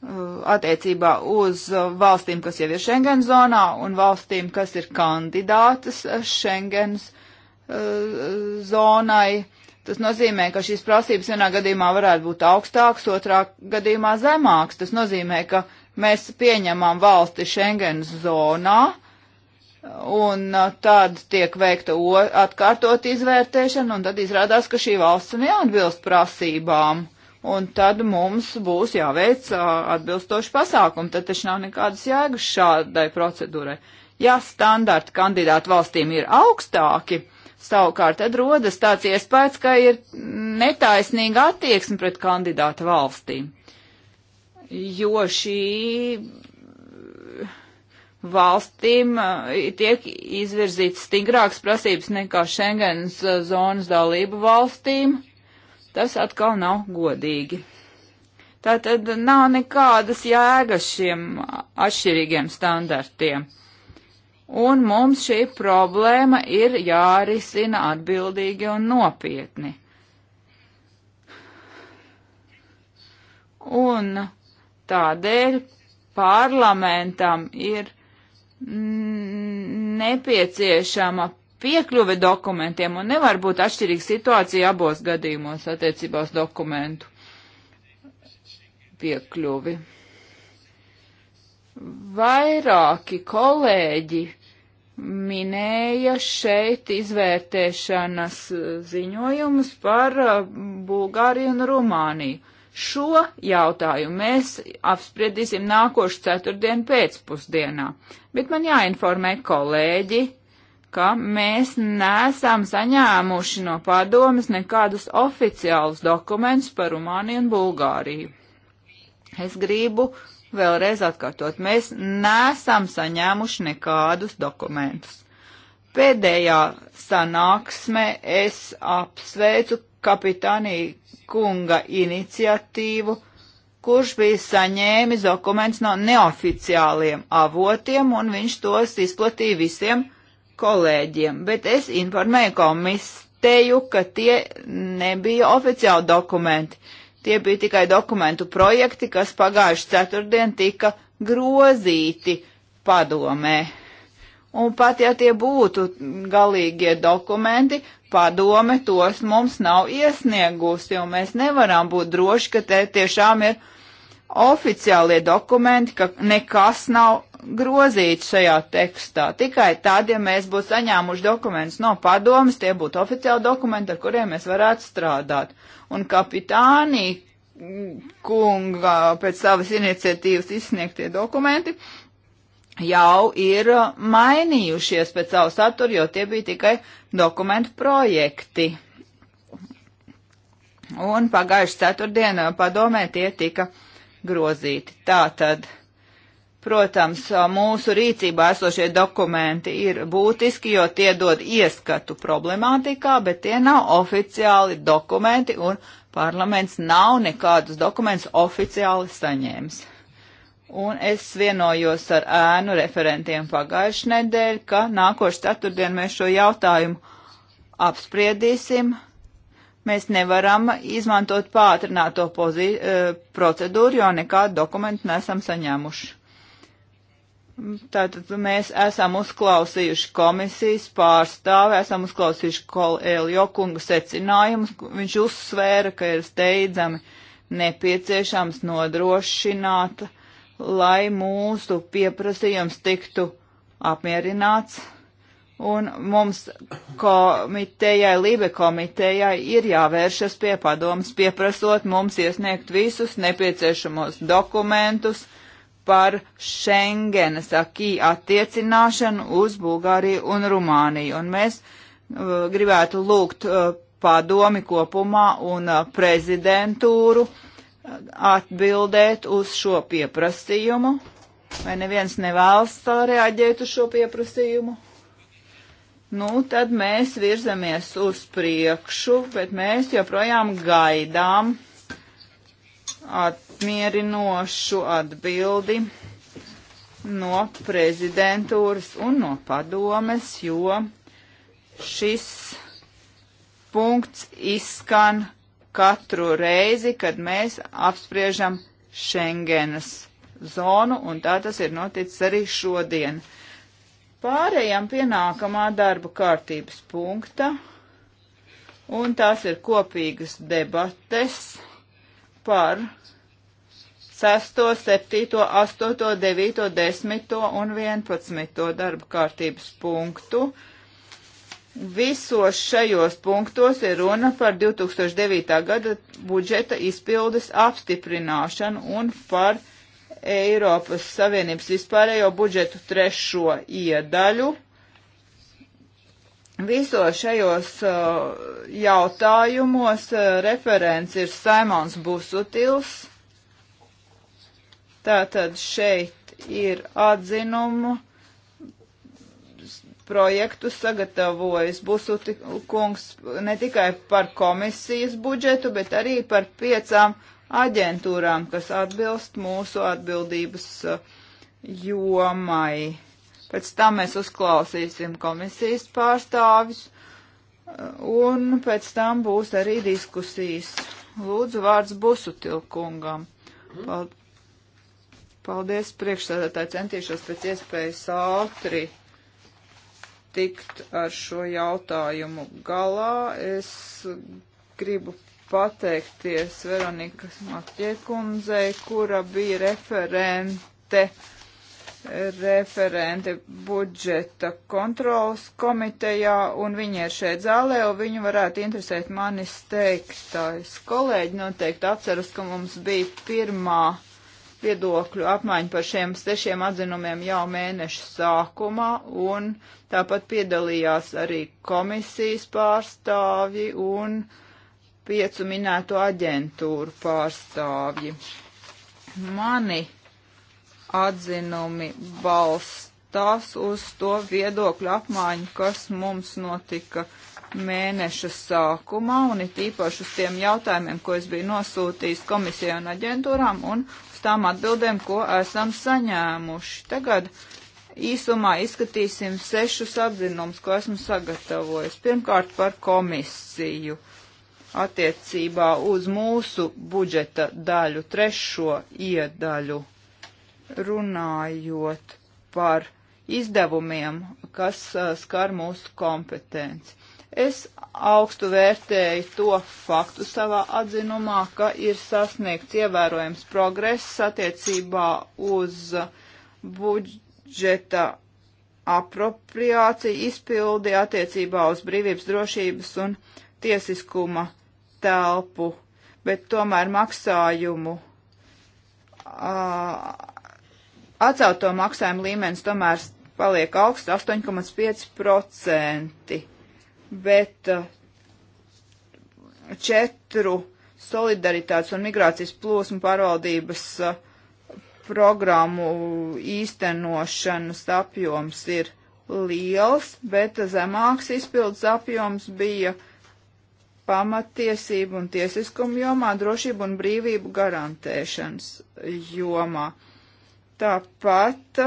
Uh, attiecībā uz uh, valstīm, kas jau ir Schengen zonā un valstīm, kas ir kandidātas uh, Schengen uh, zonai. Tas nozīmē, ka šīs prasības vienā gadījumā varētu būt augstākas, otrā gadījumā zemākas. Tas nozīmē, ka mēs pieņemam valsti Schengen zonā, Un tad tiek veikta atkārtot izvērtēšana, un tad izrādās, ka šī valsts neatbilst prasībām. Uh, Un tad mums būs jāveic atbilstoši pasākumi. Tad taču nav nekādas jēgas šādai procedūrai. Ja standarti kandidātu valstīm ir augstāki, savukārt tad rodas tāds iespējas, ka ir netaisnīga attieksme pret kandidātu valstīm. Jo šī valstīm tiek izvirzīts stingrāks prasības nekā Schengens zonas dalību valstīm Tas atkal nav godīgi. Tātad nav nekādas jēgas šiem atšķirīgiem standartiem. Un mums šī problēma ir jārisina atbildīgi un nopietni. Un tādēļ parlamentam ir nepieciešama piekļuve dokumentiem un nevar būt atšķirīga situācija abos gadījumos attiecībā uz dokumentu piekļuvi. Vairāki kolēģi minēja šeit izvērtēšanas ziņojumus par uh, Bulgāriju un Rumāniju. Šo jautājumu mēs apspriedīsim nākošu ceturtdienu pēcpusdienā, bet man jāinformē kolēģi, ka mēs nesam saņēmuši no padomas nekādus oficiālus dokumentus par Rumāniju un Bulgāriju. Es gribu vēlreiz atkārtot, mēs nesam saņēmuši nekādus dokumentus. Pēdējā sanāksmē es apsveicu kapitānī kunga iniciatīvu, kurš bija saņēmis dokumentus no neoficiāliem avotiem, un viņš tos izplatīja visiem kolēģiem, bet es informēju komisteju, ka tie nebija oficiāli dokumenti. Tie bija tikai dokumentu projekti, kas pagājuši ceturtdien tika grozīti padomē. Un pat ja tie būtu galīgie dokumenti, padome tos mums nav iesniegusi, un mēs nevaram būt droši, ka te tiešām ir oficiālie dokumenti, ka nekas nav grozīt šajā tekstā. Tikai tad, ja mēs būtu saņēmuši dokumentus no padomas, tie būtu oficiāli dokumenti, ar kuriem mēs varētu strādāt. Un kapitānī mm, kunga pēc savas iniciatīvas izsniegtie dokumenti jau ir mainījušies pēc savu saturu, jo tie bija tikai dokumentu projekti. Un pagājuši ceturtdienu padomē tie tika grozīti. Tātad. Protams, mūsu rīcībā esošie dokumenti ir būtiski, jo tie dod ieskatu problemātikā, bet tie nav oficiāli dokumenti un parlaments nav nekādus dokumentus oficiāli saņēmis. Un es vienojos ar ēnu referentiem pagājušajā nedēļā, ka nākošais ceturtdien mēs šo jautājumu apspriedīsim. Mēs nevaram izmantot pātrināto procedūru, jo nekādu dokumentu nesam saņēmuši. Tātad mēs esam uzklausījuši komisijas pārstāvi, esam uzklausījuši Kolēlio kunga secinājumus. Viņš uzsvēra, ka ir steidzami nepieciešams nodrošināt, lai mūsu pieprasījums tiktu apmierināts. Un mums komitejai, Lībe komitejai ir jāvēršas pie padomas, pieprasot mums iesniegt visus nepieciešamos dokumentus, uh, par Schengenas akī attiecināšanu uz Bulgāriju un Rumāniju. Un mēs uh, gribētu lūgt uh, padomi kopumā un uh, prezidentūru uh, atbildēt uz šo pieprasījumu. Vai neviens nevēlas reaģēt uz šo pieprasījumu? Nu, tad mēs virzamies uz priekšu, bet mēs joprojām gaidām atmierinošu atbildi no prezidentūras un no padomes, jo šis punkts izskan katru reizi, kad mēs apspriežam Schengenas zonu, un tā tas ir noticis arī šodien. Pārējām pie nākamā darba kārtības punkta, un tās ir kopīgas debates par 6, 7, 8, 9, 10 un 11 darba kārtības punktu. Visos šajos punktos ir runa par 2009. gada budžeta izpildes apstiprināšanu un par Eiropas Savienības vispārējo budžetu trešo iedaļu. Visos šajos uh, jautājumos uh, referents ir Saimons Busutils Tātad šeit ir atzinumu projektu sagatavojas Busuti kungs ne tikai par komisijas budžetu, bet arī par piecām aģentūrām, kas atbilst mūsu atbildības eh, jomai. Pēc tam mēs uzklausīsim komisijas pārstāvis, eh, un pēc tam būs arī diskusijas. Lūdzu, vārds Busutilkungam. Paldies. Paldies priekšsēdētāji, centīšos pēc iespējas ātri tikt ar šo jautājumu galā. Es gribu pateikties Veronikas Matiekundzei, kura bija referente, referente budžeta kontrolas komitejā, un viņa ir šeit zālē, un viņu varētu interesēt manis teiktais. Kolēģi noteikti atceras, ka mums bija pirmā viedokļu apmaiņu par šiem sešiem atzinumiem jau mēneša sākumā, un tāpat piedalījās arī komisijas pārstāvji un piecu minēto aģentūru pārstāvji. Mani atzinumi balstās uz to viedokļu apmaiņu, kas mums notika mēneša sākumā, un it īpaši uz tiem jautājumiem, ko es biju nosūtījis komisijai un aģentūrām, un tām atbildēm, ko esam saņēmuši. Tagad īsumā izskatīsim sešus atzinumus, ko esmu sagatavojis. Pirmkārt par komisiju attiecībā uz mūsu budžeta daļu, trešo iedaļu, runājot par izdevumiem, kas eh, skar mūsu kompetenci. Es augstu vērtēju to faktu savā atzinumā, ka ir sasniegts ievērojams progress attiecībā uz budžeta apropriāciju izpildi attiecībā uz brīvības drošības un tiesiskuma telpu, bet tomēr maksājumu, atcelto maksājumu līmenis tomēr paliek augsts 8,5% bet eh, četru solidaritātes un migrācijas plūsmu pārvaldības eh, programmu īstenošanas apjoms ir liels, bet zemāks izpildus apjoms bija pamatiesību un tiesiskumu jomā, drošību un brīvību garantēšanas jomā. Tāpat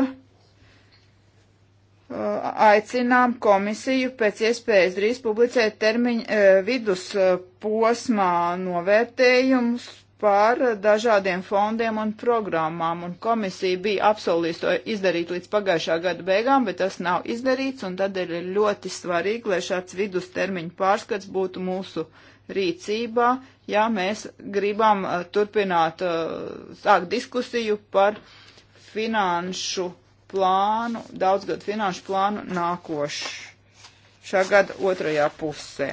Eh, aicinām komisiju pēc iespējas drīz publicēt termiņu eh, vidusposmā eh, novērtējumus par dažādiem fondiem un programmām, un komisija bija apsolījusi to izdarīt līdz pagājušā gada beigām, bet tas nav izdarīts, un tad ir ļoti svarīgi, lai šāds vidustermiņu pārskats būtu mūsu rīcībā, ja mēs gribam turpināt, sākt diskusiju par finanšu plānu, daudzgadu finanšu plānu nākošā gada otrajā pusē.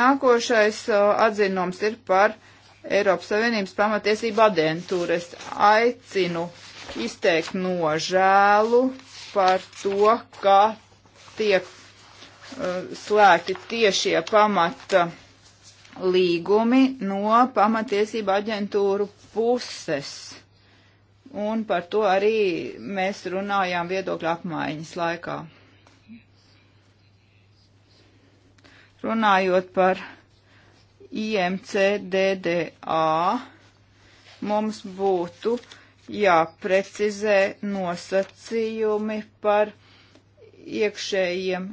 Nākošais uh, atzinums ir par Eiropas Savienības pamatiesību adentūru. Es aicinu izteikt nožēlu par to, ka tiek uh, slēgti tiešie pamata līgumi no pamatiesību aģentūru puses un par to arī mēs runājām viedokļu apmaiņas laikā. Runājot par IMCDDA, mums būtu jāprecizē nosacījumi par iekšējiem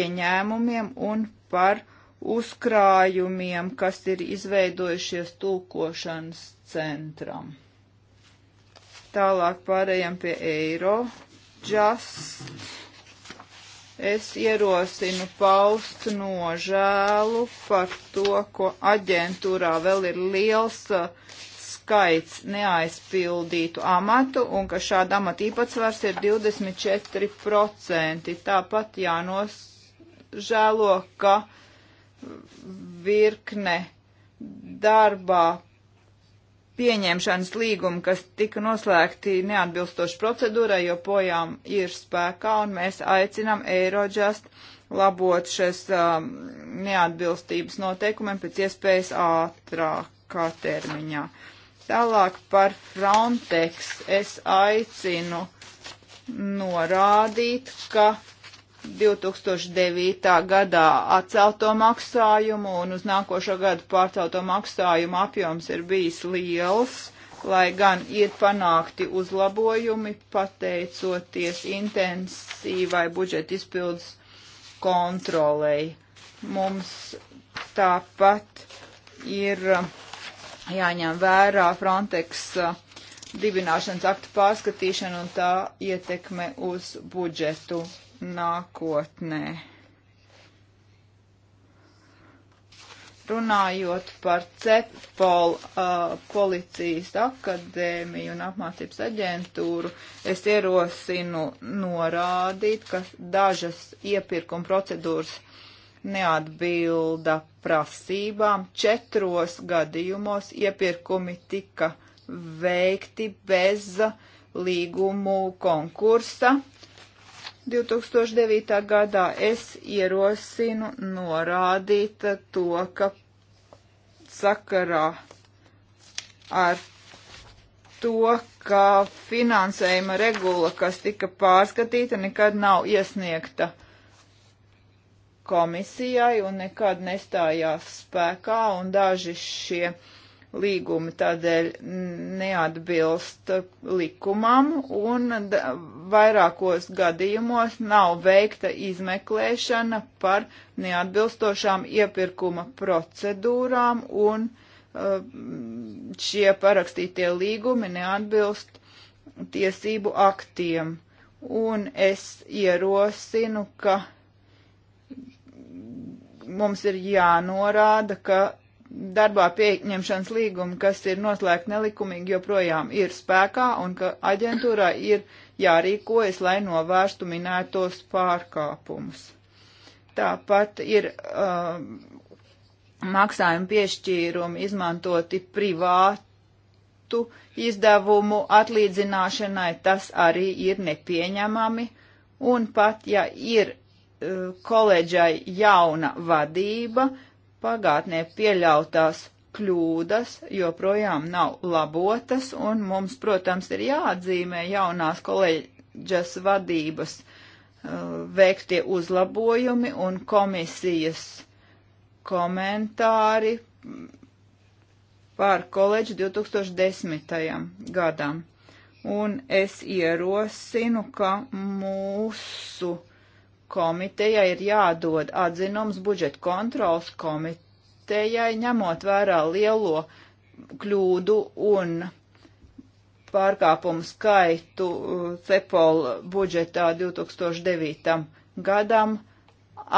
ieņēmumiem un par uzkrājumiem, kas ir izveidojušies tulkošanas centram. Tālāk pārējām pie eiro. Just. Es ierosinu paust nožēlu par to, ko aģentūrā vēl ir liels uh, skaits neaizpildītu amatu un ka šāda amata īpatsvars ir 24%. Tāpat jānožēlo, ka virkne darbā pieņemšanas līgumi, kas tika noslēgti neatbilstoši procedūrai, joprojām ir spēkā, un mēs aicinām Eirodžast labot šas um, neatbilstības noteikumiem pēc iespējas ātrākā termiņā. Tālāk par Frontex es aicinu norādīt, ka 2009. gadā atcelto maksājumu un uz nākošo gadu pārcelto maksājumu apjoms ir bijis liels, lai gan ir panākti uzlabojumi pateicoties intensīvai budžeta izpildes kontrolei. Mums tāpat ir uh, jāņem vērā Frontex uh, dibināšanas aktu pārskatīšana un tā ietekme uz budžetu nākotnē. Runājot par CEPOL uh, policijas akadēmiju un apmācības aģentūru, es ierosinu norādīt, ka dažas iepirkuma procedūras neatbilda prasībām. Četros gadījumos iepirkumi tika veikti bez līgumu konkursa 2009. gadā es ierosinu norādīt to, ka sakarā ar to, ka finansējuma regula, kas tika pārskatīta, nekad nav iesniegta komisijai un nekad nestājās spēkā, un daži šie līgumi tādēļ neatbilst likumam un vairākos gadījumos nav veikta izmeklēšana par neatbilstošām iepirkuma procedūrām un uh, šie parakstītie līgumi neatbilst tiesību aktiem. Un es ierosinu, ka mums ir jānorāda, ka darbā pieņemšanas līgumi, kas ir noslēgti nelikumīgi, joprojām ir spēkā un ka aģentūrā ir jārīkojas, lai novērstu minētos pārkāpumus. Tāpat ir uh, um, maksājumi piešķīrumi izmantoti privātu izdevumu atlīdzināšanai, tas arī ir nepieņemami. Un pat ja ir uh, koledžai jauna vadība, uh, pagātnē pieļautās kļūdas joprojām nav labotas, un mums, protams, ir jāatzīmē jaunās koleģas vadības uh, veiktie uzlabojumi un komisijas komentāri par koleģu 2010. gadam. Un es ierosinu, ka mūsu komiteja ir jādod atzinums budžeta kontrols komitejai, ņemot vērā lielo kļūdu un pārkāpumu skaitu uh, CEPOL budžetā 2009. gadam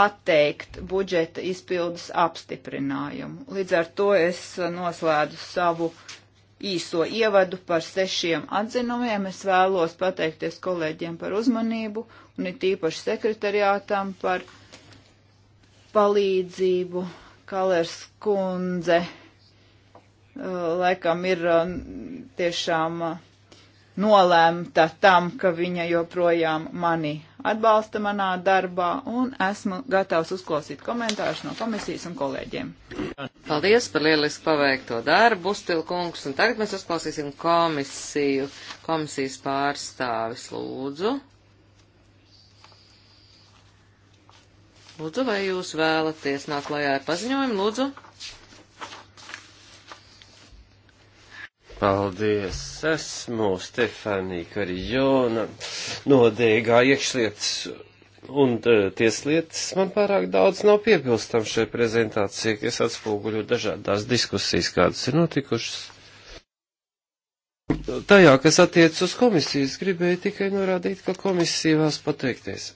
atteikt budžeta izpildes apstiprinājumu. Līdz ar to es noslēdzu savu uh, īso ievadu par sešiem atzinumiem. Es vēlos pateikties kolēģiem par uzmanību un it īpaši sekretariātam par palīdzību. Kalers kundze uh, laikam ir uh, tiešām uh, nolēmta tam, ka viņa joprojām mani atbalsta manā darbā un esmu gatavs uzklausīt komentārus no komisijas un kolēģiem. Paldies par lielisku paveikto darbu, Stilkungs, un tagad mēs uzklausīsim komisiju. Komisijas pārstāvis lūdzu. Lūdzu, vai jūs vēlaties nākt klajā ar paziņojumu? Lūdzu. Paldies! Esmu Stefanija Karijona nodēgā iekšlietas un e, tieslietas. Man pārāk daudz nav piebilstam šai prezentācijai, kas atspoguļo dažādās diskusijas, kādas ir notikušas. Tajā, kas attiec uz komisijas, gribēju tikai norādīt, ka komisija vēlas pateikties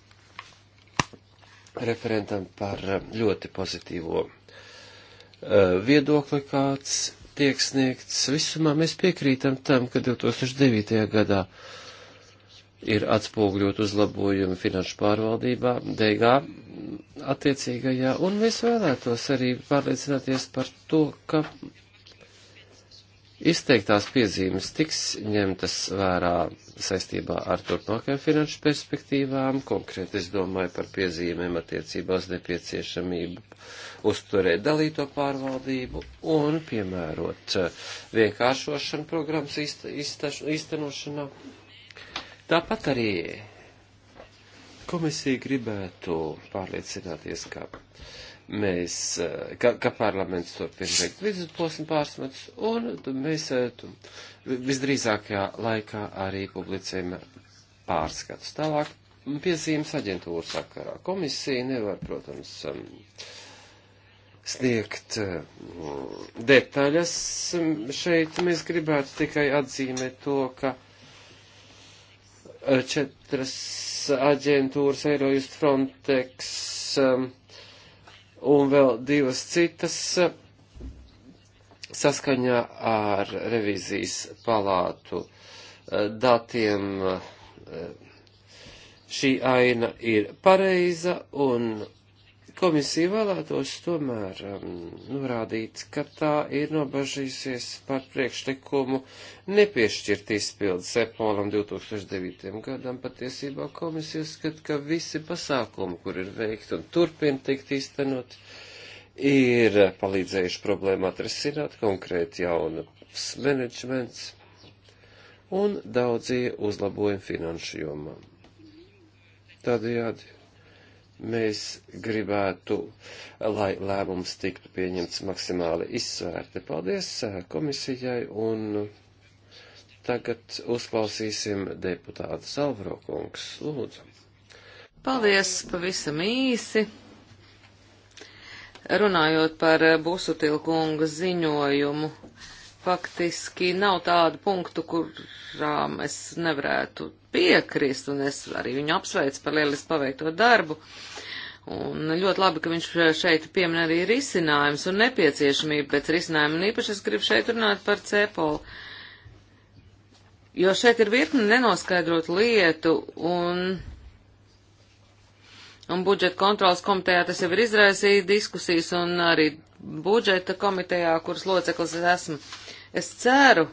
referentam par e, ļoti pozitīvo e, viedokli, kāds tiek sniegts. Visumā mēs piekrītam tam, ka 2009. gadā ir atspūgļot uzlabojumi finanšu pārvaldībā, DG attiecīgajā, un mēs vēlētos arī pārliecināties par to, ka Izteiktās piezīmes tiks ņemtas vērā saistībā ar turpmākajām finanšu perspektīvām, konkrēti es domāju par piezīmēm attiecībās nepieciešamību uzturēt dalīto pārvaldību un piemērot eh, vienkāršošanu programmas īstenošanā. Tāpat arī komisija gribētu pārliecināties, ka mēs, eh, ka, ka parlaments turpina veikt vidusposmu pārsmats, un mēs eh, visdrīzākajā laikā arī publicējam pārskatus. Tālāk piezīmes aģentūra sakarā. Komisija nevar, protams, sniegt eh, detaļas. Šeit mēs gribētu tikai atzīmēt to, ka četras aģentūras Eirojust Frontex un vēl divas citas saskaņā ar revizijas palātu eh, datiem. Eh, šī aina ir pareiza un Komisija vēlētos tomēr um, norādīt, ka tā ir nobažījusies par priekšlikumu nepiešķirt izpildu Sepolam 2009. gadam. Patiesībā komisija uzskata, ka visi pasākumi, kur ir veikti un turpina tikt īstenot, ir palīdzējuši problēmu atrisināt konkrēti jaunas menedžments un daudzie uzlabojumi finanšu jomā. Tādējādi Mēs gribētu, lai lēmums tiktu pieņemts maksimāli izsvērti. Paldies komisijai un tagad uzklausīsim deputātu Salvaro kungs. Lūdzu. Paldies pavisam īsi. Runājot par Busutilkunga ziņojumu, faktiski nav tādu punktu, kurām es nevarētu piekrist, un es arī viņu apsveicu par lielisku paveikto darbu. Uh, Un ļoti labi, ka viņš šeit piemin arī risinājums un nepieciešamību pēc risinājuma, un īpaši es gribu šeit runāt par cepolu. Jo šeit ir virkni nenoskaidrot lietu, un, un budžeta kontrolas komitejā tas jau ir izraisīja diskusijas, un arī budžeta komitejā, kuras loceklis es esmu. Es ceru,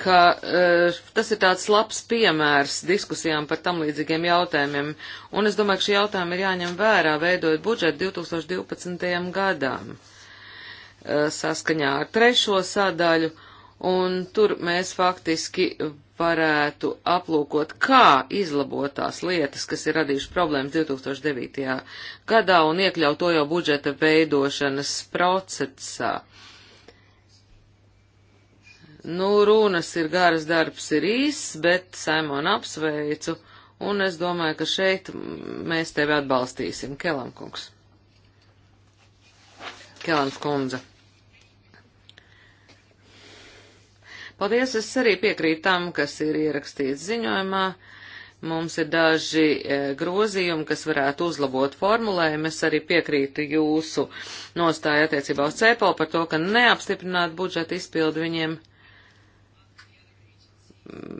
ka uh, tas ir tāds labs piemērs diskusijām par tam līdzīgiem jautājumiem, un es domāju, ka šie jautājumi ir jāņem vērā, veidojot budžetu 2012. gadām uh, saskaņā ar trešo sadaļu, un tur mēs faktiski varētu aplūkot, kā izlabot tās lietas, kas ir radījušas problēmas 2009. gadā un iekļaut to jau budžeta veidošanas procesā. Nu, runas ir garas, darbs ir īss, bet Saimon apsveicu, un es domāju, ka šeit mēs tevi atbalstīsim, Kelam kungs. Kelams kundze. Paldies, es arī piekrītu tam, kas ir ierakstīts ziņojumā. Mums ir daži e, grozījumi, kas varētu uzlabot formulējumu. Es arī piekrītu jūsu nostāju attiecībā uz CEPO par to, ka neapstiprināt budžeta izpildu viņiem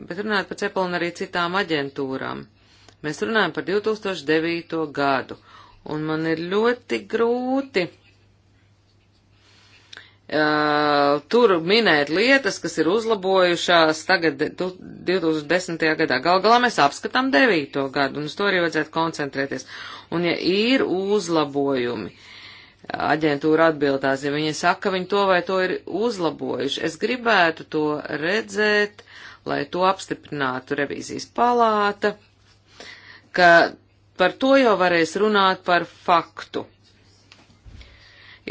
bet runājot par CEPL un arī citām aģentūrām. Mēs runājam par 2009. gadu, un man ir ļoti grūti uh, tur minēt lietas, kas ir uzlabojušās tagad 2010. gadā. Gal galā mēs apskatām 9. gadu, un uz to arī vajadzētu koncentrēties. Un ja ir uzlabojumi, uh, aģentūra atbildās, ja viņi saka, ka viņi to vai to ir uzlabojuši. Es gribētu to redzēt lai to apstiprinātu revīzijas palāta, ka par to jau varēs runāt par faktu.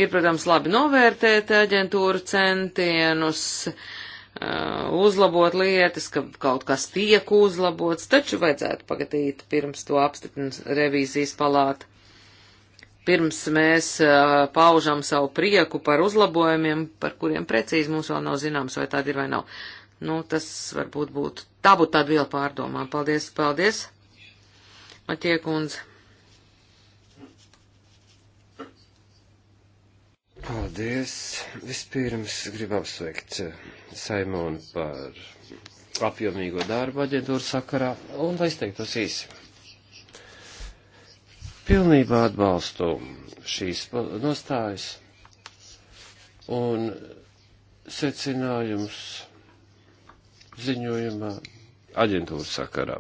Ir, protams, labi novērtēt aģentūru centienus, uh, uzlabot lietas, ka kaut kas tiek uzlabots, taču vajadzētu pagatīt pirms to apstiprina revīzijas palāta. Pirms mēs uh, paužam savu prieku par uzlabojumiem, par kuriem precīzi mums vēl nav zināms, vai tādi ir vai nav. Nu, tas varbūt būtu, tā būtu tāda viela pārdomām. Paldies, paldies, Matie kundze. Paldies. Vispirms gribu apsveikt eh, Saimonu par apjomīgo darbu aģentūras sakarā un lai izteiktos īsi. Pilnībā atbalstu šīs nostājas un secinājums ziņojumā aģentūras sakarā.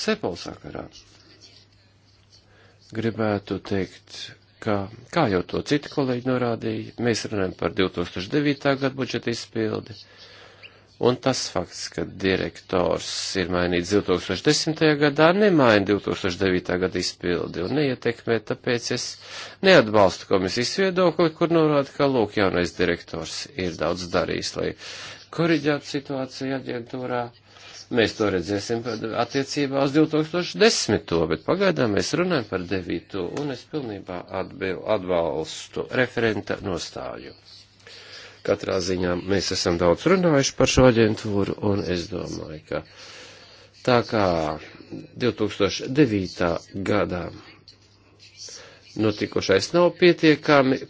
Sepol sakarā gribētu teikt, ka, kā jau to citi kolēģi norādīja, mēs runājam par 2009. gadu budžeta izpildi, un tas fakts, ka direktors ir mainīts 2010. gadā, nemaina 2009. gada izpildi un neietekmē, tāpēc es neatbalstu komisijas viedokli, kur norāda, ka, lūk, jaunais direktors ir daudz darījis, lai koriģēt situāciju aģentūrā. Mēs to redzēsim attiecībā uz 2010. bet pagaidām mēs runājam par 9. un es pilnībā atbil, atbalstu referenta nostāju. Katrā ziņā mēs esam daudz runājuši par šo aģentūru un es domāju, ka tā kā 2009. gadā notikušais nav pietiekami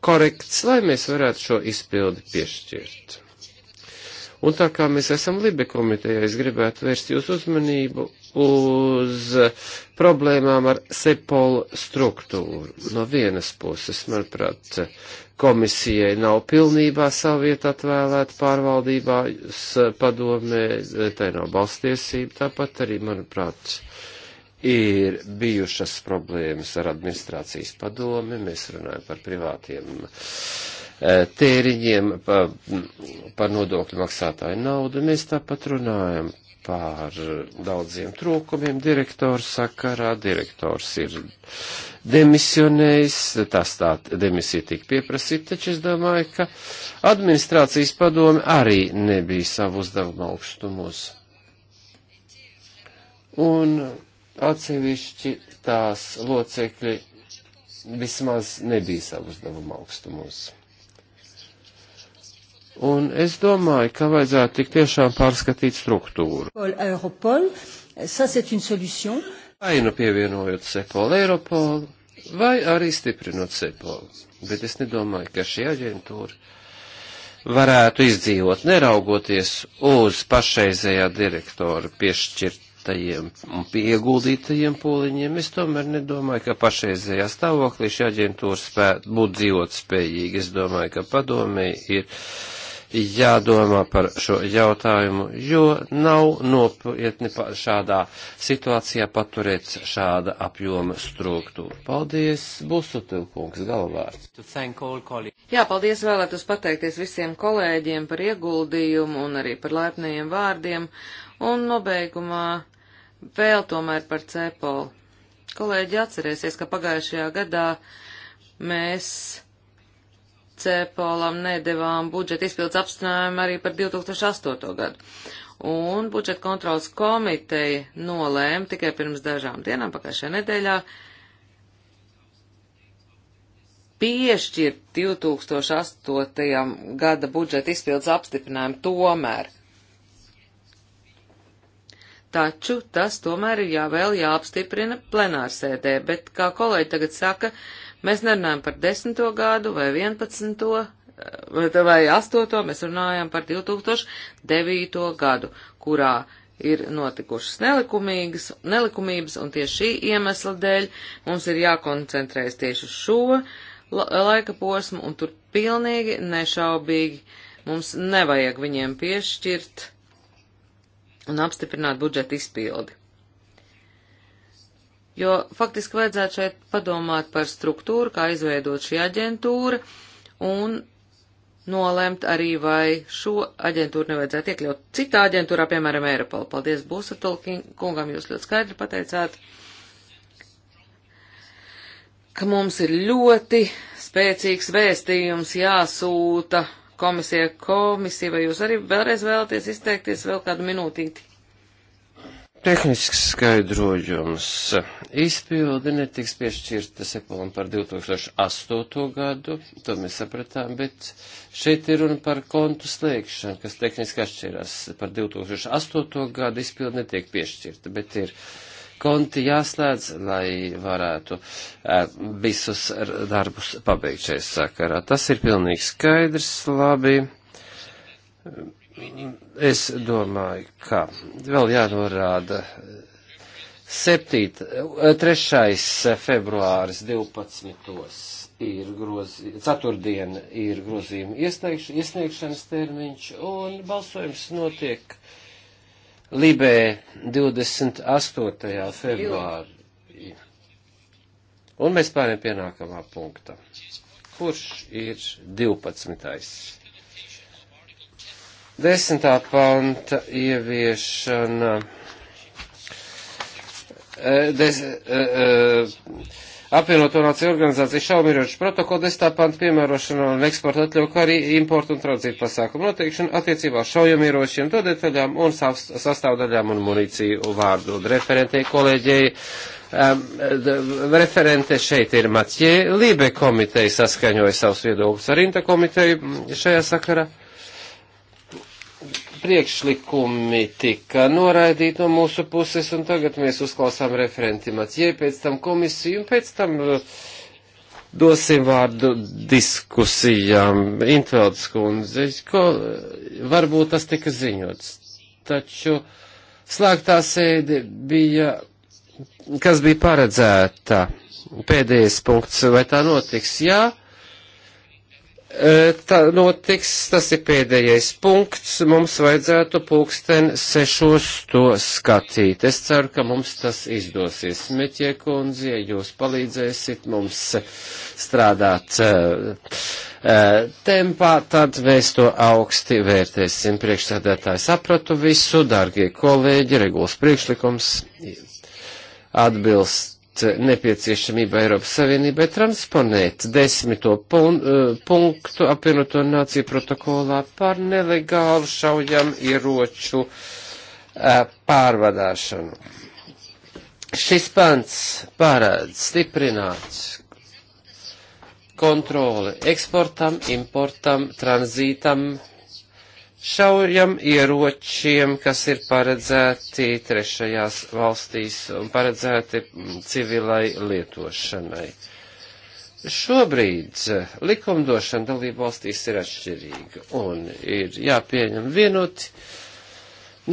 korekts, lai mēs varētu šo izpildi piešķirt. Un tā kā mēs esam Libe komitejā, es gribētu vērst jūsu uzmanību uz problēmām ar sepolu struktūru. No vienas puses, manuprāt, komisijai nav pilnībā savu vietu atvēlēt pārvaldībā padomē, tai nav balstiesība, tāpat arī, manuprāt, ir bijušas problēmas ar administrācijas padomi, mēs runājam par privātiem uh, Eh, tēriņiem par, par nodokļu maksātāju naudu. Mēs tāpat runājam par daudziem trūkumiem direktoru sakarā. Direktors ir demisionējis, tas tā demisija tika pieprasīta, taču es domāju, ka administrācijas padome arī nebija savu uzdevumu augstumos. Un atsevišķi tās locekļi vismaz nebija savu uzdevumu augstumos. Un es domāju, ka vajadzētu tik tiešām pārskatīt struktūru. Vai nu pievienojot Sepolu Eiropolu, vai arī stiprinot Sepolu. Bet es nedomāju, ka šī aģentūra varētu izdzīvot, neraugoties uz pašreizējā direktora piešķirtajiem un pieguldītajiem pūliņiem. Es tomēr nedomāju, ka pašreizējā stāvoklī šī aģentūra spētu būt dzīvot spējīga. Es domāju, ka padomē ir jādomā par šo jautājumu, jo nav nopietni šādā situācijā paturēt šāda apjoma struktūru. Paldies, Busutilkungs, galvārds. Jā, paldies vēlētos pateikties visiem kolēģiem par ieguldījumu un arī par laipniem vārdiem. Un nobeigumā vēl tomēr par cepolu. Kolēģi atcerēsies, ka pagājušajā gadā mēs Cepolam nedevām budžeta izpildes apstinājumu arī par 2008. gadu. Un budžeta kontrolas komiteja nolēma tikai pirms dažām dienām pagājušajā nedēļā piešķirt 2008. gada budžeta izpildes apstiprinājumu tomēr. Taču tas tomēr ir jāvēl jāapstiprina plenārsēdē, bet, kā kolēģi tagad saka, uh, Mēs nerunājam par 10. gadu vai 11. vai 8. mēs runājam par 2009. gadu, kurā ir notikušas nelikumības, un tieši šī iemesla dēļ mums ir jākoncentrējas tieši uz šo laika posmu, un tur pilnīgi nešaubīgi mums nevajag viņiem piešķirt un apstiprināt budžeta izpildi jo faktiski vajadzētu šeit padomāt par struktūru, kā izveidot šī aģentūra, un nolemt arī, vai šo aģentūru nevajadzētu iekļaut citā aģentūrā, piemēram, Eiropola. Paldies, Būsatol kungam, jūs ļoti skaidri pateicāt, ka mums ir ļoti spēcīgs vēstījums jāsūta komisija, komisija, vai jūs arī vēlreiz vēlaties izteikties vēl kādu minūtīti? Tehnisks skaidrojums. Izpildi netiks piešķirta sepolam par 2008. gadu, to mēs sapratām, bet šeit ir runa par kontu slēgšanu, kas tehniski atšķirās. Par 2008. gadu izpildi netiek piešķirta, bet ir konti jāslēdz, lai varētu eh, visus darbus pabeigt šajā sakarā. Tas ir pilnīgi skaidrs, labi. Es domāju, ka vēl jānorāda 7. Eh, 3. Eh, februāris 12. ir grozi, ceturtdien ir grozījuma iesniegš, iesniegšanas termiņš un balsojums notiek Libē 28. februārī. Un mēs pārējām pie nākamā punkta, kurš ir 12. Desmitā panta ieviešana. E, des, e, e, apvienoto nāciju organizāciju šaumieroču protokolu desmitā pantu piemērošanu un eksporta atļauju, kā arī importu un tranzītu pasākumu noteikšanu attiecībā uz šaujamieročiem, to detaļām un sastāvdaļām un munīciju vārdu. Un referentei kolēģei, um, referente šeit ir Matjē, Lībe komiteja saskaņoja savus viedokļus ar Inta komiteju šajā sakarā priekšlikumi tika noraidīti no mūsu puses, un tagad mēs uzklausām referenti Matjē, pēc tam komisiju, un pēc tam uh, dosim vārdu diskusijām. Intveldes kundze, ko, varbūt tas tika ziņots, taču slēgtā sēde bija, kas bija paredzēta. Pēdējais punkts, vai tā notiks? Jā tā notiks, tas ir pēdējais punkts, mums vajadzētu pulksten sešos to skatīt. Es ceru, ka mums tas izdosies. Meķie kundze, ja jūs palīdzēsit mums strādāt uh, uh, tempā, tad mēs to augsti vērtēsim. Priekšsēdētāji sapratu visu, dārgie kolēģi, regulas priekšlikums atbilst nepieciešamība Eiropas Savienībai transponēt desmito pun eh, punktu apvienoto nāciju protokolā par nelegālu šaujam ieroču eh, pārvadāšanu. Šis pants pārēdz stiprināt kontroli eksportam, importam, tranzītam, šaujam ieročiem, kas ir paredzēti trešajās valstīs un paredzēti civilai lietošanai. Šobrīd likumdošana dalību valstīs ir atšķirīga un ir jāpieņem vienoti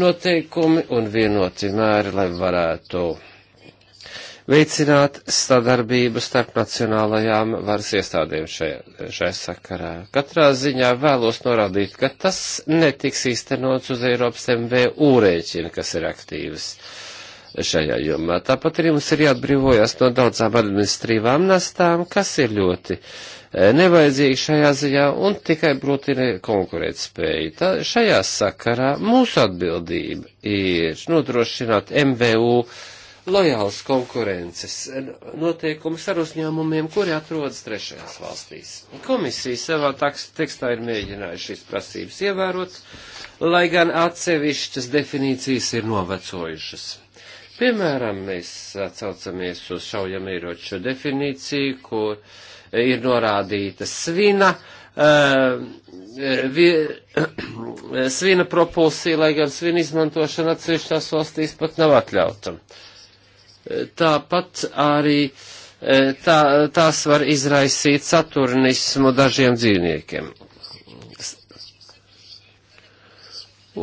noteikumi un vienoti mēri, lai varētu veicināt sadarbību starp nacionālajām varas iestādēm šajā, šajā sakarā. Katrā ziņā vēlos norādīt, ka tas netiks īstenots uz Eiropas MVU rēķina, kas ir aktīvs šajā jomā. Tāpat arī mums ir jāatbrīvojas no daudzām administrīvām nastām, kas ir ļoti eh, nevajadzīgi šajā ziņā un tikai brūtina konkurētspēju. Tā, šajā sakarā mūsu atbildība ir nodrošināt MVU lojāls konkurences noteikums ar uzņēmumiem, kuri atrodas trešajās valstīs. Komisija savā tekstā ir mēģinājusi šīs prasības ievērot, lai gan atsevišķas definīcijas ir novecojušas. Piemēram, mēs atcaucamies uz šaujamieroču definīciju, kur ir norādīta svina, uh, vi, svina propulsija, lai gan svina izmantošana atsevišķās valstīs pat nav atļauta. Uh, Tāpat arī e, tā, tās var izraisīt saturnismu dažiem dzīvniekiem.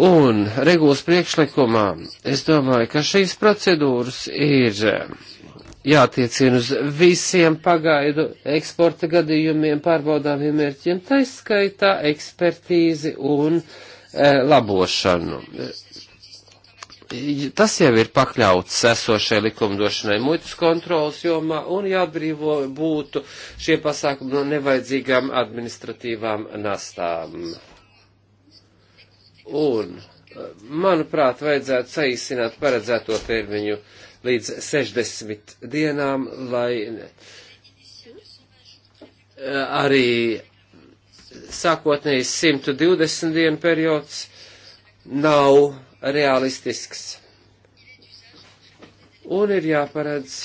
Un regulas priekšlikumā es domāju, ka šīs procedūras ir jātiecina uz visiem pagaidu eksporta gadījumiem, pārbaudāmiem mērķiem, taiskaitā ekspertīzi un e, labošanu tas jau ir pakļauts esošai likumdošanai muitas kontrolas jomā un jāatbrīvo būtu šie pasākumi no nevajadzīgām administratīvām nastām. Un, manuprāt, vajadzētu saīsināt paredzēto termiņu līdz 60 dienām, lai eh, arī sākotnējs 120 dienu periods nav realistisks. Un ir jāparedz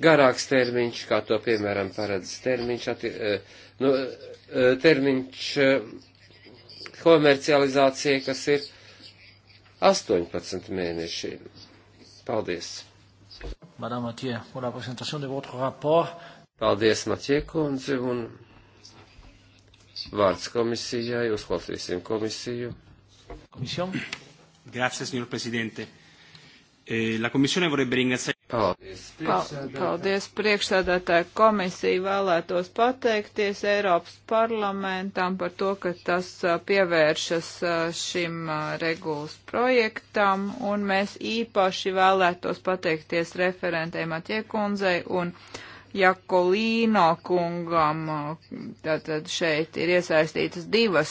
garāks termiņš, kā to piemēram paredz termiņš, atti, eh, nu, eh, termiņš eh, komercializācija, kas ir 18 mēneši. Paldies. Madame Mathieu, pour la présentation de votre rapport. Paldies, Mathieu kundze, un vārds komisijai, uzklausīsim komisiju. Komisijon. Grazie, signor Presidente. Eh, la Komisione vorrebbe ringraziare. Paldies, priekšsēdētāji. Paldies, priekšsēdētāji. Komisija vēlētos pateikties Eiropas parlamentam par to, ka tas pievēršas šim regulas projektam, un mēs īpaši vēlētos pateikties referentei Matiekundzei un. Uh, Jakolīno kungam. Tātad šeit ir iesaistītas divas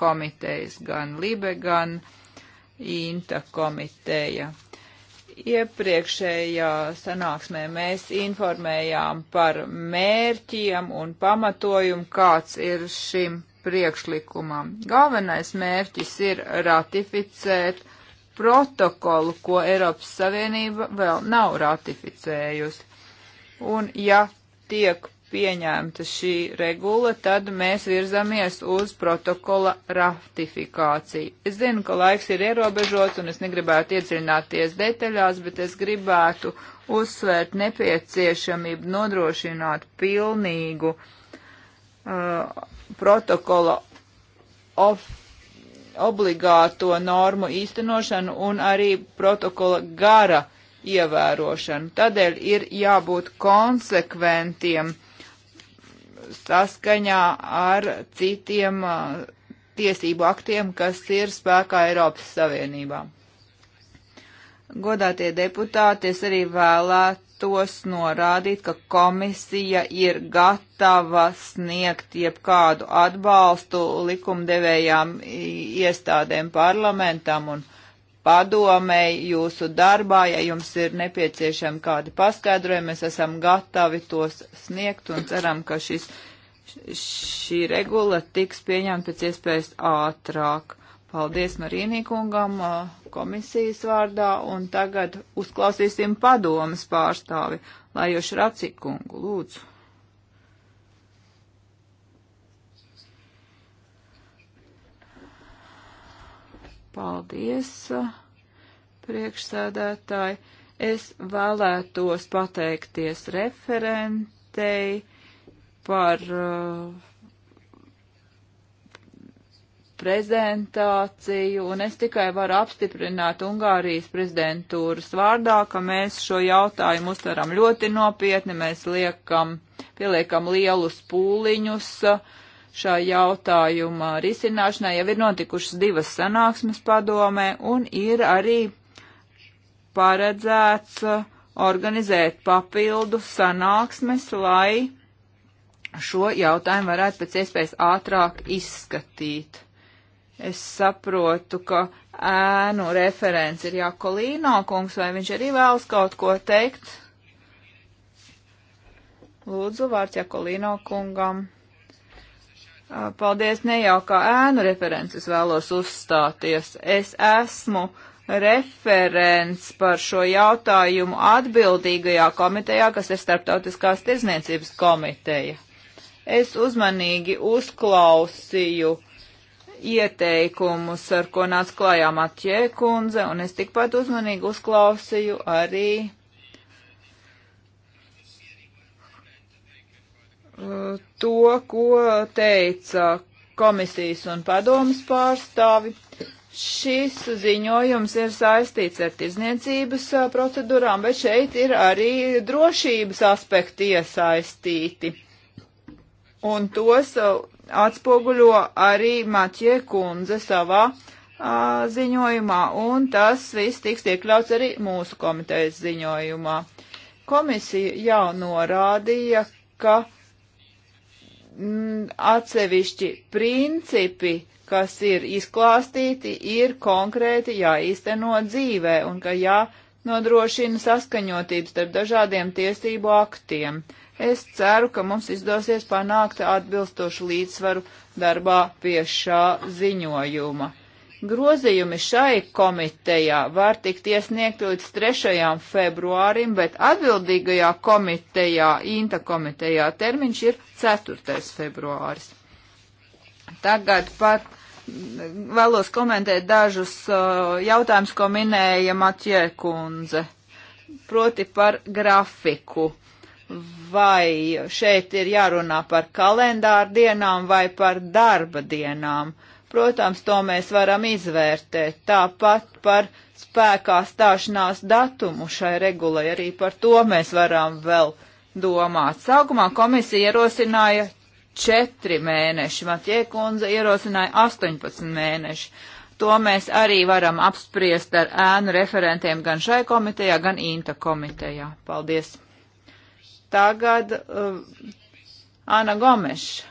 komitejas, gan Libe, gan Inta komiteja. Iepriekšējā sanāksmē mēs informējām par mērķiem un pamatojumu, kāds ir šim priekšlikumam. Galvenais mērķis ir ratificēt protokolu, ko Eiropas Savienība vēl nav ratificējusi. Un ja tiek pieņemta šī regula, tad mēs virzamies uz protokola ratifikāciju. Es zinu, ka laiks ir ierobežots un es negribētu iedziļināties detaļās, bet es gribētu uzsvērt nepieciešamību nodrošināt pilnīgu uh, protokola of, obligāto normu īstenošanu un arī protokola gara ievērošanu. Tādēļ ir jābūt konsekventiem saskaņā ar citiem uh, tiesību aktiem, kas ir spēkā Eiropas Savienībā. Godātie deputāti, es arī vēlētos norādīt, ka komisija ir gatava sniegt jebkādu atbalstu likumdevējām iestādēm parlamentam un parlamentam padomēji jūsu darbā. Ja jums ir nepieciešami kādi paskaidrojumi, mēs esam gatavi tos sniegt un ceram, ka šis, šī regula tiks pieņemta pēc iespējas ātrāk. Paldies Marīnī kungam komisijas vārdā un tagad uzklausīsim padomas pārstāvi Lajošu Racikungu. Lūdzu. Paldies, priekšsēdētāji. Es vēlētos pateikties referentei par uh, prezentāciju, un es tikai varu apstiprināt Ungārijas prezidentūras vārdā, ka mēs šo jautājumu uztveram ļoti nopietni, mēs liekam, pieliekam lielus pūliņus uh, šā jautājuma risināšanai. Jau ir notikušas divas sanāksmes padomē un ir arī paredzēts uh, organizēt papildu sanāksmes, lai šo jautājumu varētu pēc iespējas ātrāk izskatīt. Es saprotu, ka ēnu referents ir Jākolīno kungs, vai viņš arī vēlas kaut ko teikt? Lūdzu, vārds Jākolīno kungam. Paldies ne jau kā ēnu referents, es vēlos uzstāties. Es esmu referents par šo jautājumu atbildīgajā komitejā, kas ir Starptautiskās tirzniecības komiteja. Es uzmanīgi uzklausīju ieteikumus, ar ko nāca klājā Matjē kundze, un es tikpat uzmanīgi uzklausīju arī to, ko teica komisijas un padomas pārstāvi. Šis ziņojums ir saistīts ar tirzniecības procedūrām, bet šeit ir arī drošības aspekti iesaistīti. Un tos atspoguļo arī Maķie kundze savā a, ziņojumā, un tas viss tiks iekļauts arī mūsu komitejas ziņojumā. Komisija jau norādīja, ka Mm, atsevišķi principi, kas ir izklāstīti, ir konkrēti jāīsteno dzīvē un ka jānodrošina saskaņotības starp dažādiem tiesību aktiem. Es ceru, ka mums izdosies panākt atbilstošu līdzsvaru darbā pie šā ziņojuma. Grozījumi šai komitejā var tikt iesniegt līdz 3. februārim, bet atbildīgajā komitejā, INTA komitejā, termiņš ir 4. februāris. Tagad pat vēlos komentēt dažus uh, jautājumus, ko minēja Matjē kundze, proti par grafiku vai šeit ir jārunā par kalendāru dienām vai par darba dienām. Protams, to mēs varam izvērtēt. Tāpat par spēkā stāšanās datumu šai regulai arī par to mēs varam vēl domāt. Sākumā komisija ierosināja 4 mēneši, Matjē kundze ierosināja 18 mēneši. To mēs arī varam apspriest ar ēnu referentiem gan šai komitejā, gan INTA komitejā. Paldies! Tagad uh, Ana Gomeša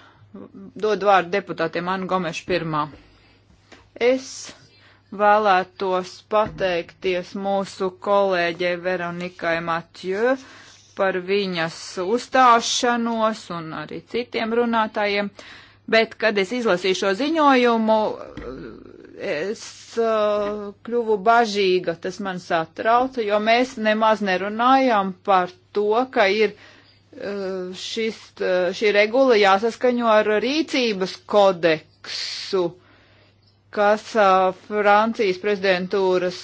dod vārdu deputātiem Anna Gomeša pirmā. Es vēlētos pateikties mūsu kolēģei Veronikai Matjē par viņas uzstāšanos un arī citiem runātājiem, bet, kad es izlasīju šo ziņojumu, es uh, kļuvu bažīga, tas man satrauca, jo mēs nemaz nerunājām par to, ka ir uh, Eh, šis, eh, šī regula jāsaskaņo ar rīcības kodeksu, kas eh, Francijas prezidentūras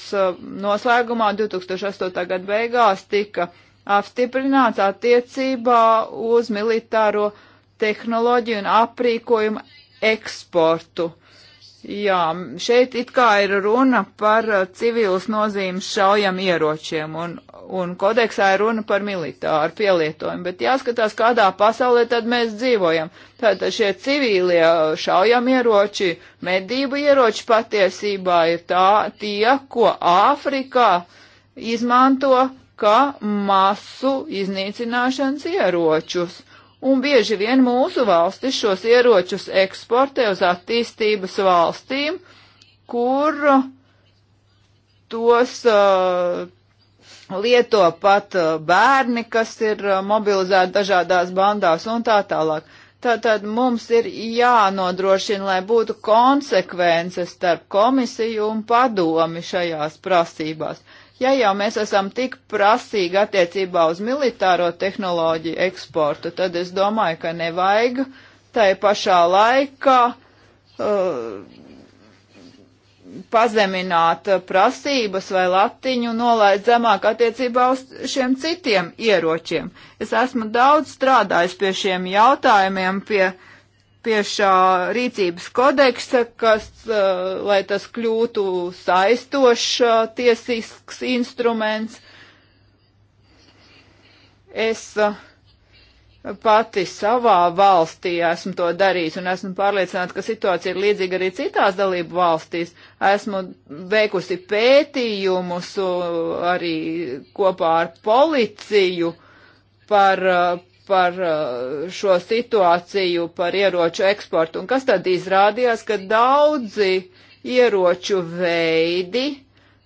noslēgumā 2008. gada beigās tika apstiprināts attiecībā uz militāro tehnoloģiju un aprīkojumu eksportu. Jā, šeit it kā ir runa par uh, civilas nozīmes šaujam ieročiem, un, un kodeksā ir runa par militāru pielietojumu, bet jāskatās, kādā pasaulē tad mēs dzīvojam. Tātad šie civilie uh, šaujam ieroči, medību ieroči patiesībā ir tā, tie, ko Āfrikā izmanto kā masu iznīcināšanas ieročus un bieži vien mūsu valstis šos ieročus eksportē uz attīstības valstīm, kur tos uh, lieto pat uh, bērni, kas ir uh, mobilizēti dažādās bandās un tā tālāk. Tātad mums ir jānodrošina, lai būtu konsekvences starp komisiju un padomi šajās prasībās. Uh, Ja jau mēs esam tik prasīgi attiecībā uz militāro tehnoloģiju eksportu, tad es domāju, ka nevajag tai pašā laikā uh, pazemināt prasības vai latiņu nolaid zemāk attiecībā uz šiem citiem ieročiem. Es esmu daudz strādājis pie šiem jautājumiem, pie uh, pie šā rīcības kodeksa, kas, uh, lai tas kļūtu saistošs uh, tiesisks instruments. Es uh, pati savā valstī esmu to darījis un esmu pārliecināta, ka situācija ir līdzīga arī citās dalību valstīs. Esmu veikusi pētījumus arī kopā ar policiju par par uh, šo situāciju, par ieroču eksportu. Un kas tad izrādījās, ka daudzi ieroču veidi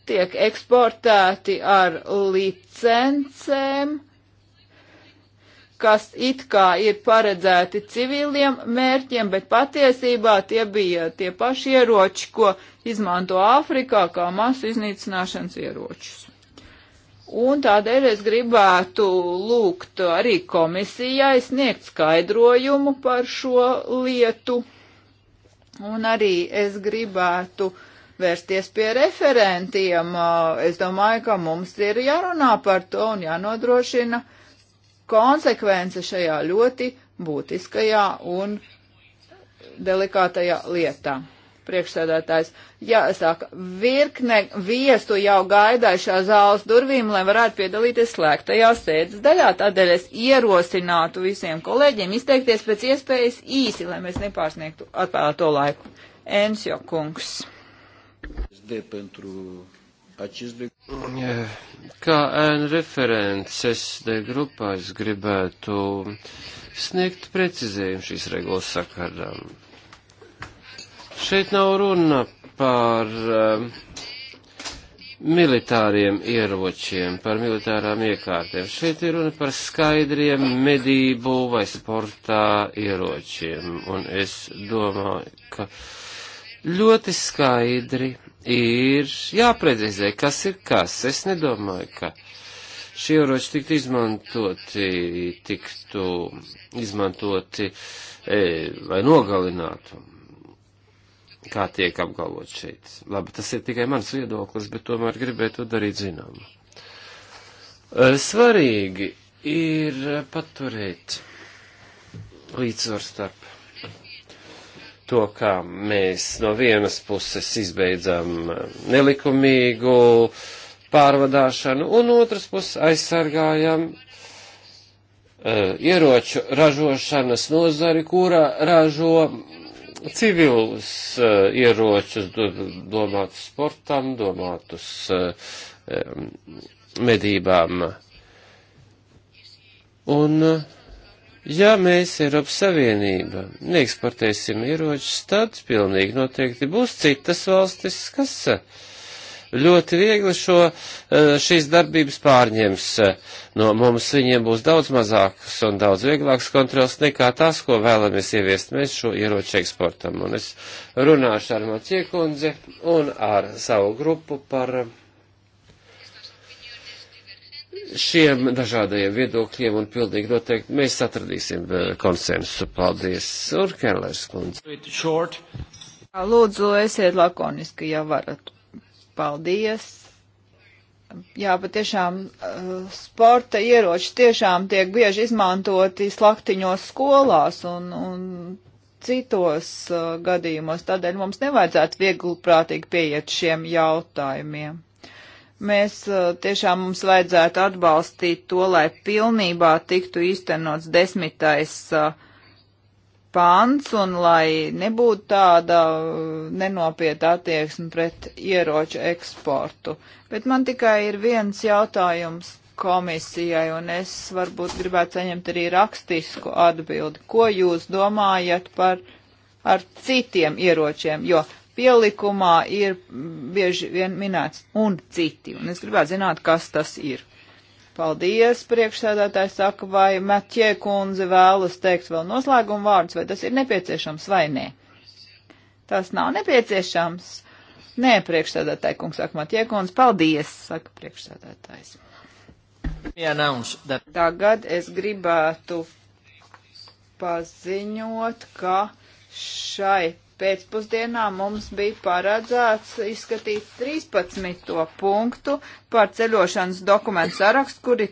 tiek eksportēti ar licencēm, kas it kā ir paredzēti civiliem mērķiem, bet patiesībā tie bija tie paši ieroči, ko izmanto Āfrikā kā masu iznīcināšanas ieročus. Un tādēļ es gribētu lūgt arī komisijai sniegt skaidrojumu par šo lietu. Un arī es gribētu vērsties pie referentiem. Es domāju, ka mums ir jārunā par to un jānodrošina konsekvence šajā ļoti būtiskajā un delikātajā lietā priekšsēdētājs. Jāsaka, virkne viestu jau gaidājušā zāles durvīm, lai varētu piedalīties slēgtajā sēdes daļā. Tādēļ es ierosinātu visiem kolēģiem izteikties pēc iespējas īsi, lai mēs nepārsniegtu atvēlēto laiku. Ensio kungs. Kā ēnu referents SD grupā es gribētu sniegt precizējumu šīs regulas sakarām Šeit nav runa par um, militāriem ieročiem, par militārām iekārtēm. Šeit ir runa par skaidriem medību vai sportā ieročiem. Un es domāju, ka ļoti skaidri ir jāprecizē, kas ir kas. Es nedomāju, ka šie ieroči tiktu izmantoti, tiktu izmantoti e, vai nogalinātu kā tiek apgalvot šeit. Labi, tas ir tikai mans viedoklis, bet tomēr gribēju to darīt zinām. Svarīgi ir paturēt līdzsvaru starp to, kā mēs no vienas puses izbeidzam nelikumīgu pārvadāšanu, un otras puses aizsargājam uh, ieroču ražošanas nozari, kura ražo civilus uh, ieročus domātus sportam, domātus uh, medībām. Un, eh, ja mēs Eiropas Savienība neeksportēsim ieročus, tad pilnīgi noteikti būs citas valstis, kas uh, ļoti viegli šo, eh, šīs darbības pārņems no mums. Viņiem būs daudz mazāks un daudz vieglāks kontrols nekā tas, ko vēlamies ieviest mēs šo ieroču eksportam. Un es runāšu ar Maciekundzi un ar savu grupu par šiem dažādajiem viedokļiem un pilnīgi noteikti mēs atradīsim eh, konsensu. Paldies, Urkelers kundze. Lūdzu, esiet lakoniski, ja varat. Paldies! Jā, pat tiešām uh, sporta ieroči tiešām tiek bieži izmantoti slaktiņos skolās un, un citos uh, gadījumos. Tādēļ mums nevajadzētu vieglprātīgi pieiet šiem jautājumiem. Mēs uh, tiešām mums vajadzētu atbalstīt to, lai pilnībā tiktu īstenots desmitais uh, pants un lai nebūtu tāda uh, nenopietna attieksme pret ieroču eksportu. Bet man tikai ir viens jautājums komisijai, un es varbūt gribētu saņemt arī rakstisku atbildi. Ko jūs domājat par ar citiem ieročiem, jo pielikumā ir mm, bieži vien minēts un citi, un es gribētu zināt, kas tas ir. Paldies, priekšsēdētājs saka, vai Matjē kundze vēlas teikt vēl noslēgumu vārdus, vai tas ir nepieciešams vai nē. Tas nav nepieciešams. Nē, priekšsēdētāji, kungs saka Matjē kundze, paldies, saka priekšsēdētājs. Tagad es gribētu paziņot, ka šai pēcpusdienā mums bija paredzēts izskatīt 13. punktu par ceļošanas dokumentu sarakstu, kuri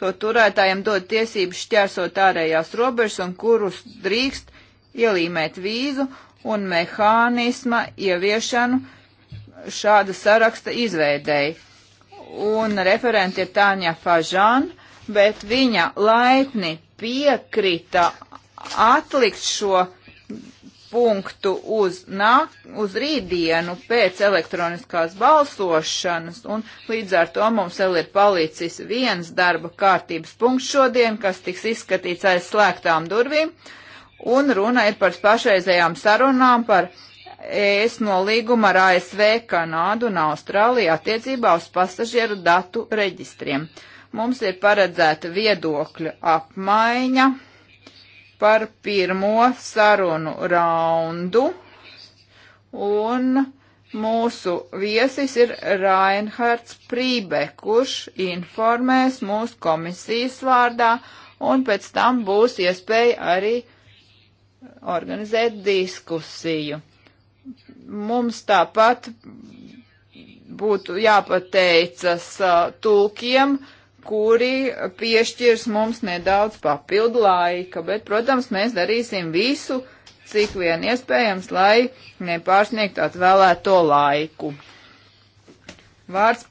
to turētājiem dod tiesības šķērsot ārējās robežas un kurus drīkst ielīmēt vīzu un mehānisma ieviešanu šāda saraksta izveidēji. Un referenti ir Tāņa Fažan, bet viņa laipni piekrita atlikt šo punktu uz, nāk, uz rītdienu pēc elektroniskās balsošanas, un līdz ar to mums vēl ir palicis viens darba kārtības punkts šodien, kas tiks izskatīts aiz slēgtām durvīm, un runa ir par pašreizējām sarunām par ES nolīgumu ar ASV, Kanādu un Austrāliju attiecībā uz pasažieru datu reģistriem. Mums ir paredzēta viedokļa apmaiņa par pirmo sarunu raundu. Un mūsu viesis ir Rainhards Prībe, kurš informēs mūsu komisijas vārdā, un pēc tam būs iespēja arī organizēt diskusiju. Mums tāpat būtu jāpateicas uh, tulkiem, uh, kuri piešķirs mums nedaudz papildu laika, bet, protams, mēs darīsim visu, cik vien iespējams, lai nepārsniegtu atvēlēto laiku. Vārds